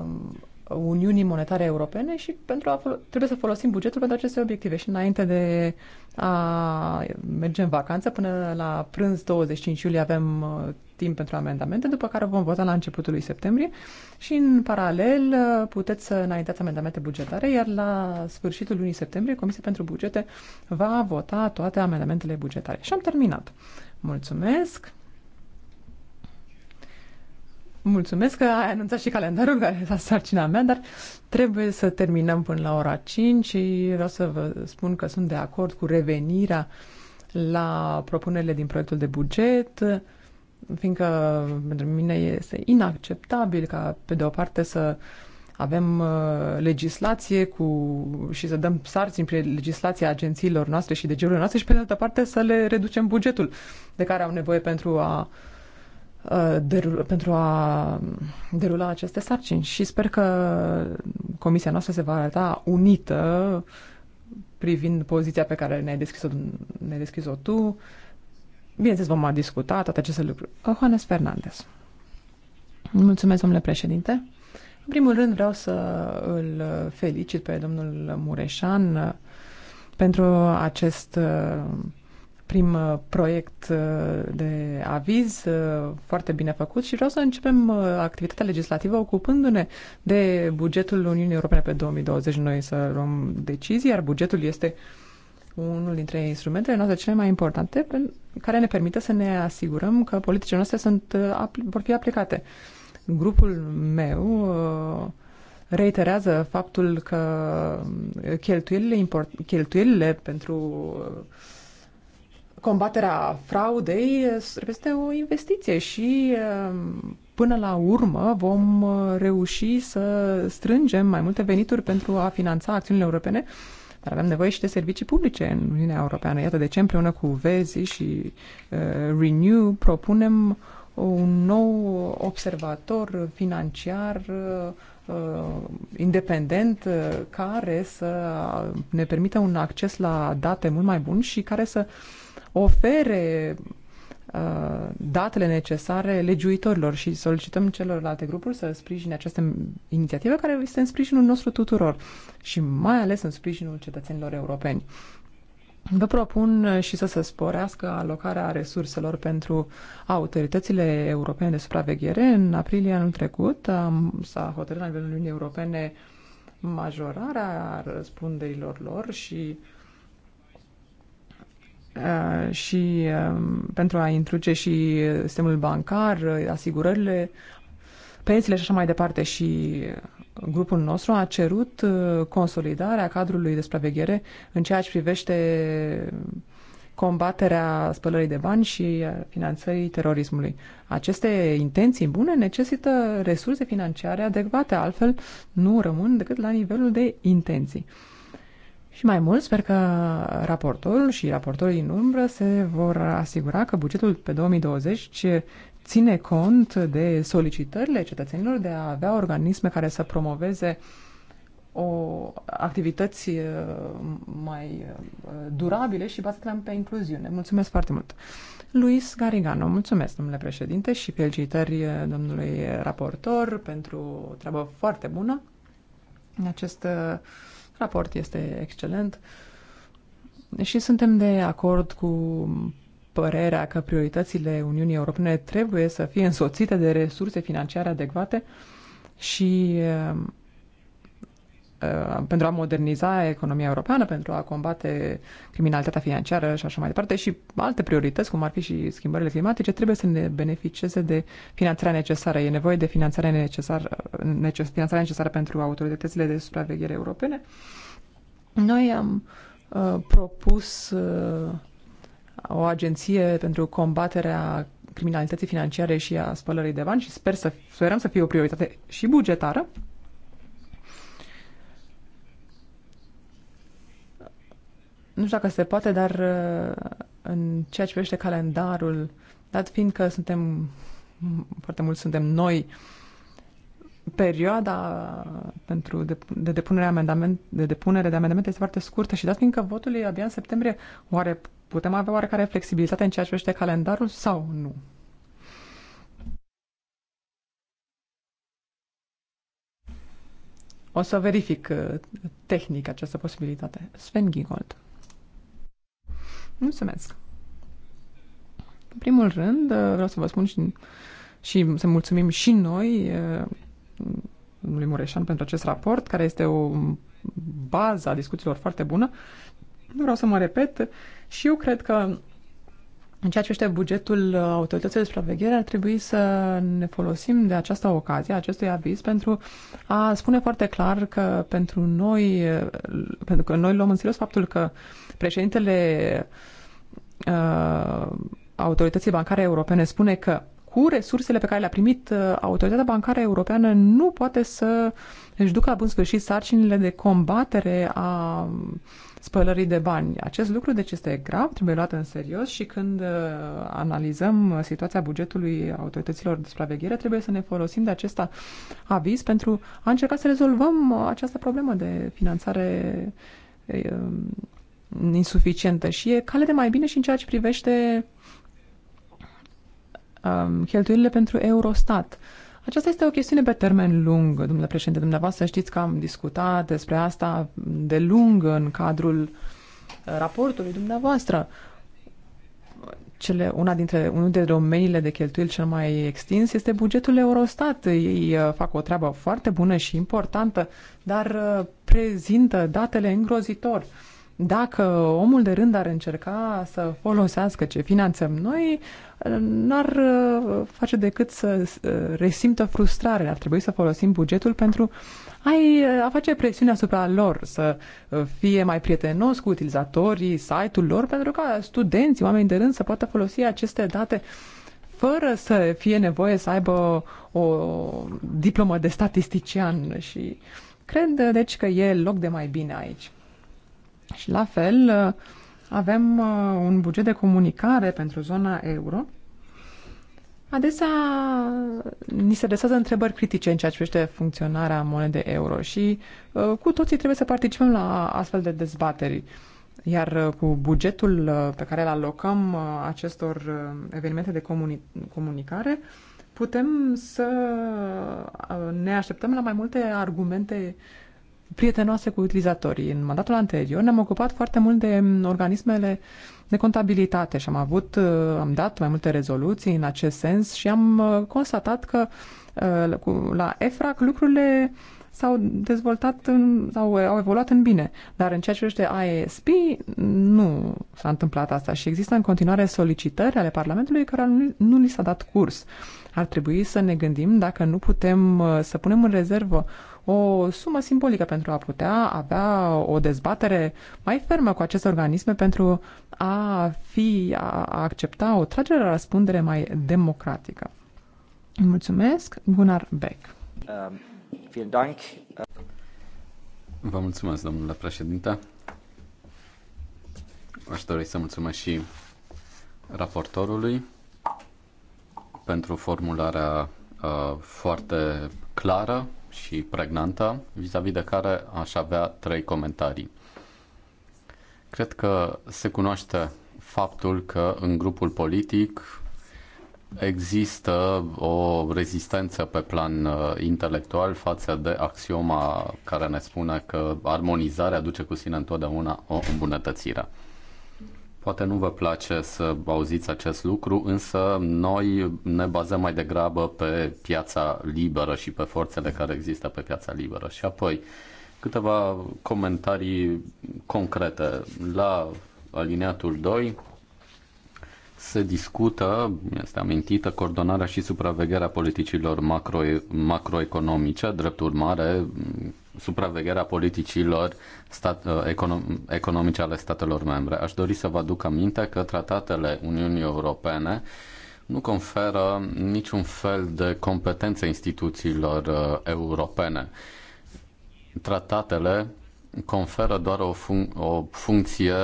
um, Uniunii Monetare Europene și pentru a trebuie să folosim bugetul pentru aceste obiective. Și înainte de a merge în vacanță, până la prânz 25 iulie avem uh, timp pentru amendamente, după care vom vota la începutul lui septembrie și în paralel puteți să înaintați amendamente bugetare, iar la sfârșitul lunii septembrie Comisia pentru Bugete va vota toate amendamentele bugetare. Și am terminat. Mulțumesc! Mulțumesc că ai anunțat și calendarul care s-a sarcina mea, dar trebuie să terminăm până la ora 5 și vreau să vă spun că sunt de acord cu revenirea la propunerile din proiectul de buget fiindcă pentru mine este inacceptabil ca, pe de o parte, să avem uh, legislație cu, și să dăm sarțini prin legislația agențiilor noastre și de urilor noastre și, pe de altă parte, să le reducem bugetul de care au nevoie pentru a uh, Derul, pentru a um, derula aceste sarcini și sper că comisia noastră se va arăta unită privind poziția pe care ne-ai deschis-o, ne-ai deschis-o tu Bineînțeles, vom mai discuta toate aceste lucruri. Uh, Johannes Fernandez. Mulțumesc, domnule președinte. În primul rând vreau să îl felicit pe domnul Mureșan uh, pentru acest uh, prim proiect de aviz foarte bine făcut și vreau să începem activitatea legislativă ocupându-ne de bugetul Uniunii Europene pe 2020. Noi să luăm decizii, iar bugetul este uh, unul dintre instrumentele noastre cele mai importante care ne permite să ne asigurăm că politicile noastre sunt, uh, vor fi aplicate. Grupul meu uh, reiterează faptul că uh, cheltuielile, import, cheltuielile pentru combaterea fraudei reprezintă o investiție și până la urmă vom reuși să strângem mai multe venituri pentru a finanța acțiunile europene dar avem nevoie și de servicii publice în Uniunea Europeană. Iată de ce împreună cu Vezi și uh, Renew propunem un nou observator financiar uh, uh independent uh, care să ne permită un acces la date mult mai bun și care să ofere Uh, datele necesare legiuitorilor și solicităm celorlalte grupuri să sprijine această inițiativă care este în sprijinul nostru tuturor și mai ales în sprijinul cetățenilor europeni. Vă propun uh, și să se sporească alocarea resurselor pentru autoritățile europene de supraveghere. În aprilie anul trecut s-a hotărât la nivelul Uniunii Europene majorarea răspunderilor lor și uh, Uh, și um, pentru a introduce și sistemul bancar, asigurările, pensiile și așa mai departe și grupul nostru a cerut uh, consolidarea cadrului de supraveghere în ceea ce privește combaterea spălării de bani și finanțării terorismului. Aceste intenții bune necesită resurse financiare adecvate, altfel nu rămân decât la nivelul de intenții. Și mai mult, sper că raportorul și raportorii din umbră se vor asigura că bugetul pe 2020 ține cont de solicitările cetățenilor de a avea organisme care să promoveze o activități uh, mai uh, durabile și bazate pe incluziune. Mulțumesc foarte mult. Luis Garigano, mulțumesc, domnule președinte, și felicitări uh, domnului raportor pentru o treabă foarte bună în acest uh, Raport este excelent și suntem de acord cu părerea că prioritățile Uniunii Europene trebuie să fie însoțite de resurse financiare adecvate și Uh, pentru a moderniza economia europeană, pentru a combate criminalitatea financiară și așa mai departe, și alte priorități, cum ar fi și schimbările climatice, trebuie să ne beneficieze de finanțarea necesară. E nevoie de finanțarea necesară, neces, finanțarea necesară pentru autoritățile de supraveghere europene. Noi am uh, propus uh, o agenție pentru combaterea criminalității financiare și a spălării de bani și sper să, sperăm să fie o prioritate și bugetară. nu știu dacă se poate, dar uh, în ceea ce privește calendarul, dat fiind că suntem, foarte mult suntem noi, perioada pentru de, de depunere amendament, de depunere de amendamente este foarte scurtă și dat fiindcă votul e abia în septembrie, oare putem avea oarecare flexibilitate în ceea ce privește calendarul sau nu? O să verific uh, tehnic această posibilitate. Sven Gingold. Mulțumesc! În primul rând, uh, vreau să vă spun și, și să mulțumim și noi uh, lui Mureșan pentru acest raport, care este o bază a discuțiilor foarte bună. Nu vreau să mă repet și eu cred că în ceea ce este bugetul uh, autorității de supraveghere, ar trebui să ne folosim de această ocazie, acestui aviz, pentru a spune foarte clar că pentru noi, uh, pentru că noi luăm în serios faptul că președintele uh, autorității bancare europene spune că cu resursele pe care le-a primit uh, autoritatea bancară europeană nu poate să își ducă la bun sfârșit sarcinile de combatere a spălării de bani. Acest lucru, deci, este grav, trebuie luat în serios și când uh, analizăm uh, situația bugetului autorităților de supraveghere, trebuie să ne folosim de acest aviz pentru a încerca să rezolvăm uh, această problemă de finanțare um, insuficientă și e cale de mai bine și în ceea ce privește um, cheltuielile pentru Eurostat. Uh, aceasta este o chestiune pe termen lung, domnule președinte. Dumneavoastră știți că am discutat despre asta de lung în cadrul uh, raportului dumneavoastră. Cele, una dintre, unul dintre domeniile de cheltuieli cel mai extins este bugetul Eurostat. Ei uh, fac o treabă foarte bună și importantă, dar uh, prezintă datele îngrozitor. Uh, dacă omul de rând ar încerca să folosească ce finanțăm noi, n-ar uh, face decât să uh, resimtă frustrare. Ar trebui să folosim bugetul pentru ai, uh, a face presiune asupra lor, să fie mai prietenos cu utilizatorii site-ul lor, pentru ca studenții, oamenii de rând, să poată folosi aceste date fără să fie nevoie să aibă o diplomă de statistician și cred deci că e loc de mai bine aici. Și la fel uh, avem uh, un buget de comunicare pentru zona euro. Adesea uh, ni se adresează întrebări critice în ceea ce privește funcționarea monedei euro și cu toții trebuie să participăm la astfel de dezbateri. Iar cu bugetul pe care îl alocăm acestor evenimente de comuni- comunicare, putem să ne așteptăm la mai multe argumente uh, prietenoase cu utilizatorii. În mandatul anterior ne-am ocupat foarte mult de mm, organismele de contabilitate și am avut, uh, am dat mai multe rezoluții în acest sens și am uh, constatat că uh, la EFRAC lucrurile s-au dezvoltat în, sau au evoluat în bine. Dar în ceea ce privește ASP, nu s-a întâmplat asta și există în continuare solicitări ale Parlamentului care nu, nu li s-a dat curs. Ar trebui să ne gândim dacă nu putem să punem în rezervă o sumă simbolică pentru a putea avea o dezbatere mai fermă cu aceste organisme pentru a fi, a accepta o tragere la răspundere mai democratică. Mulțumesc, Gunnar Beck. Um, Vă mulțumesc, domnule președinte. Aș dori să mulțumesc și raportorului pentru formularea uh, foarte clară și pregnantă, vis-a-vis -vis de care aș avea trei comentarii. Cred că se cunoaște faptul că în grupul politic există o rezistență pe plan uh, intelectual față de axioma care ne spune că armonizarea duce cu sine întotdeauna o îmbunătățire. Poate nu vă place să auziți acest lucru, însă noi ne bazăm mai degrabă pe piața liberă și pe forțele care există pe piața liberă. Și apoi câteva comentarii concrete. La alineatul 2 se discută, este amintită, coordonarea și supravegherea politicilor macro, macroeconomice, drept urmare supravegherea politicilor stat, uh, econom, economice ale statelor membre. Aș dori să vă aduc aminte că tratatele Uniunii Europene nu conferă niciun fel de competențe instituțiilor uh, europene. Tratatele conferă doar o, func- o funcție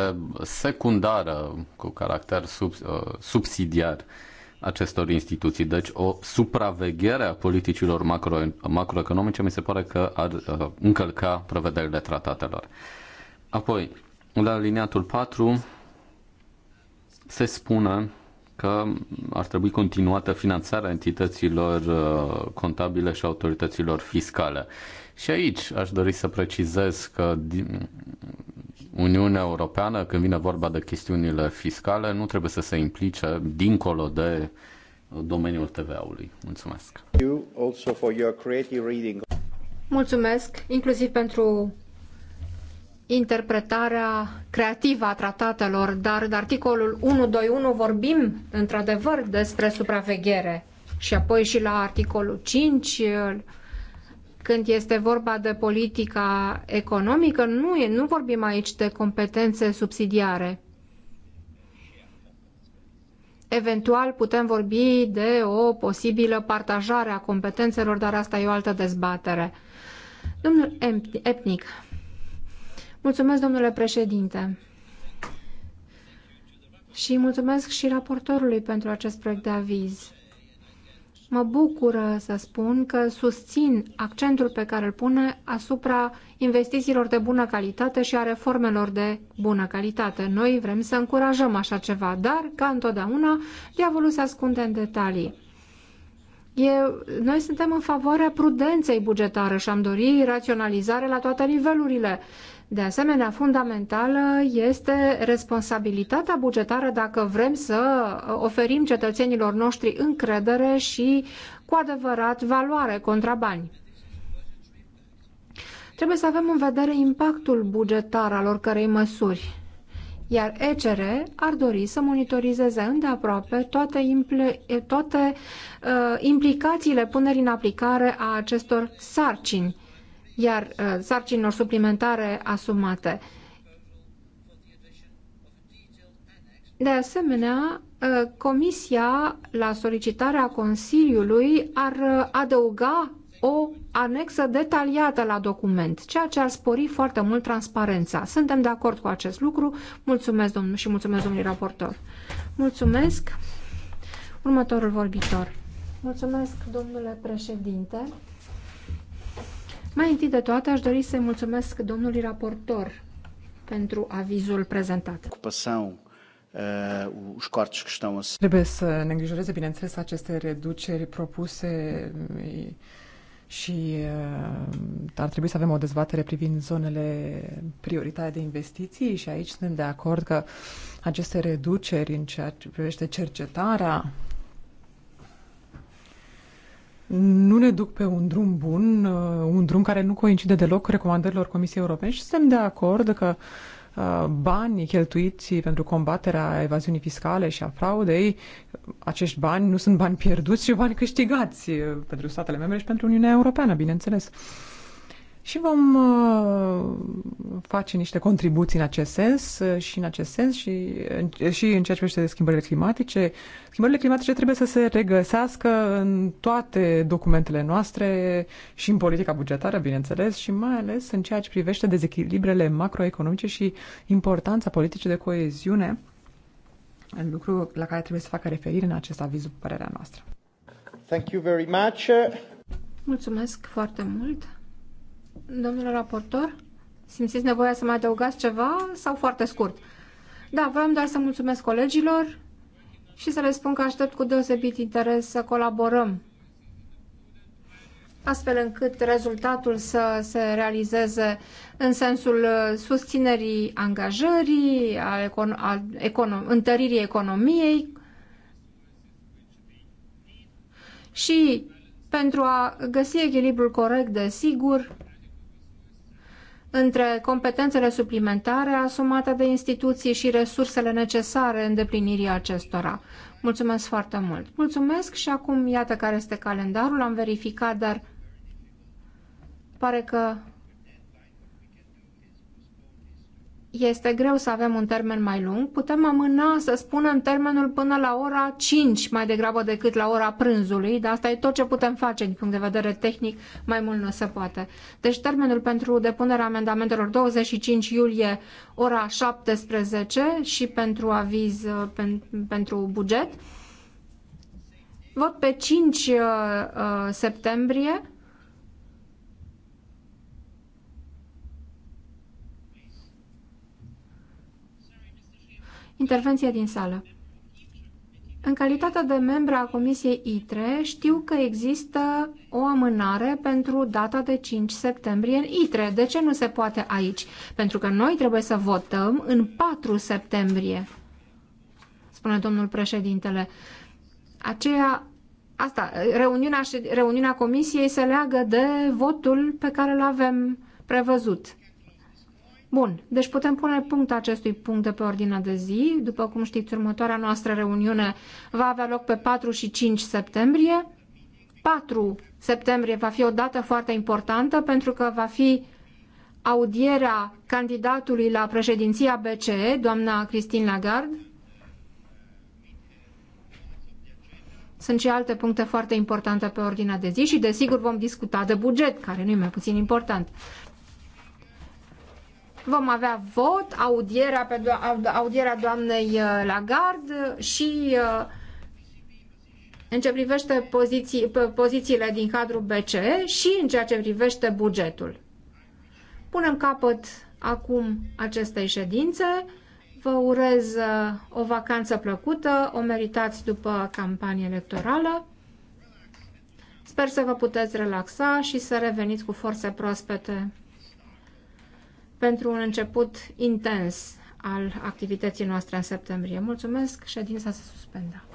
secundară cu caracter sub, uh, subsidiar uh, acestor instituții. Deci o supraveghere a politicilor macro, macroeconomice mi se pare că ar uh, încălca prevederile tratatelor. Apoi, la liniatul 4 se spune că ar trebui continuată finanțarea entităților uh, contabile și autorităților fiscale. Și aici aș dori să precizez că Uniunea Europeană, când vine vorba de chestiunile fiscale, nu trebuie să se implice dincolo de domeniul TVA-ului. Mulțumesc! Mulțumesc, inclusiv pentru interpretarea creativă a tratatelor, dar în articolul 121 vorbim într-adevăr despre supraveghere. Și apoi și la articolul 5, când este vorba de politica economică, nu, e, nu vorbim aici de competențe subsidiare. Eventual putem vorbi de o posibilă partajare a competențelor, dar asta e o altă dezbatere. Domnul Epnic, Mulțumesc, domnule președinte. Și mulțumesc și raportorului pentru acest proiect de aviz. Mă bucură să spun că susțin accentul pe care îl pune asupra investițiilor de bună calitate și a reformelor de bună calitate. Noi vrem să încurajăm așa ceva, dar, ca întotdeauna, diavolul se ascunde în detalii. E, noi suntem în favoarea prudenței bugetare și am dori raționalizare la toate nivelurile. De asemenea, fundamentală este responsabilitatea bugetară dacă vrem să oferim cetățenilor noștri încredere și cu adevărat valoare contra bani. Trebuie să avem în vedere impactul bugetar al oricărei măsuri, iar ECR ar dori să monitorizeze îndeaproape toate, impl- toate uh, implicațiile punerii în aplicare a acestor sarcini iar uh, sarcinilor suplimentare asumate. De asemenea, uh, Comisia, la solicitarea Consiliului, ar uh, adăuga o anexă detaliată la document, ceea ce ar spori foarte mult transparența. Suntem de acord cu acest lucru. Mulțumesc, domnul, și mulțumesc, domnului raportor. Mulțumesc. Următorul vorbitor. Mulțumesc, domnule președinte. Mai întâi de toate, aș dori să-i mulțumesc domnului raportor pentru avizul prezentat. Eh, Trebuie să ne îngrijoreze, bineînțeles, aceste reduceri propuse eh, și eh, ar trebui să avem o dezbatere privind zonele prioritare de investiții și aici suntem de acord că aceste reduceri în ceea ce privește cercetarea nu ne duc pe un drum bun, uh, un drum care nu coincide deloc cu recomandărilor Comisiei Europene și suntem de acord că uh, banii cheltuiți pentru combaterea evaziunii fiscale și a fraudei, acești bani nu sunt bani pierduți, ci bani câștigați uh, pentru statele membre și pentru Uniunea Europeană, bineînțeles și vom uh, face niște contribuții în acest sens uh, și în acest sens și, uh, și în ceea ce privește schimbările climatice. Schimbările climatice trebuie să se regăsească în toate documentele noastre și în politica bugetară, bineînțeles, și mai ales în ceea ce privește dezechilibrele macroeconomice și importanța politicii de coeziune, lucru la care trebuie să facă referire în acest aviz, părerea noastră. Thank you very much. Mulțumesc foarte mult. Domnule raportor, simțiți nevoia să mai adăugați ceva sau foarte scurt? Da, vreau doar să mulțumesc colegilor și să le spun că aștept cu deosebit interes să colaborăm astfel încât rezultatul să se realizeze în sensul uh, susținerii angajării, a econ- a econo- întăririi economiei și pentru a găsi echilibrul corect, de sigur, între competențele suplimentare asumate de instituții și resursele necesare îndeplinirii acestora. Mulțumesc foarte mult! Mulțumesc și acum iată care este calendarul, am verificat, dar pare că este greu să avem un termen mai lung, putem amâna să spunem termenul până la ora 5 mai degrabă decât la ora prânzului, dar asta e tot ce putem face din punct de vedere tehnic, mai mult nu se poate. Deci termenul pentru depunerea amendamentelor 25 iulie ora 17 și pentru aviz uh, pen, pentru buget. Vot pe 5 uh, uh, septembrie Intervenție din sală. În calitate de membra a Comisiei ITRE, știu că există o amânare pentru data de 5 septembrie în ITRE. De ce nu se poate aici? Pentru că noi trebuie să votăm în 4 septembrie, spune domnul președintele. Aceea, asta, reuniunea, reuniunea Comisiei se leagă de votul pe care îl avem prevăzut Bun, deci putem pune punct acestui punct de pe ordinea de zi. După cum știți, următoarea noastră reuniune va avea loc pe 4 și 5 septembrie. 4 septembrie va fi o dată foarte importantă pentru că va fi audierea candidatului la președinția BCE, doamna Christine Lagarde. Sunt și alte puncte foarte importante pe ordinea de zi și desigur vom discuta de buget, care nu e mai puțin important. Vom avea vot, audierea, pe do- audierea doamnei uh, Lagarde și uh, în ce privește poziții, pozițiile din cadrul BCE și în ceea ce privește bugetul. Punem capăt acum acestei ședințe. Vă urez uh, o vacanță plăcută, o meritați după campanie electorală. Sper să vă puteți relaxa și să reveniți cu forțe proaspete pentru un început intens al activității noastre în septembrie. Mulțumesc, ședința se suspendă.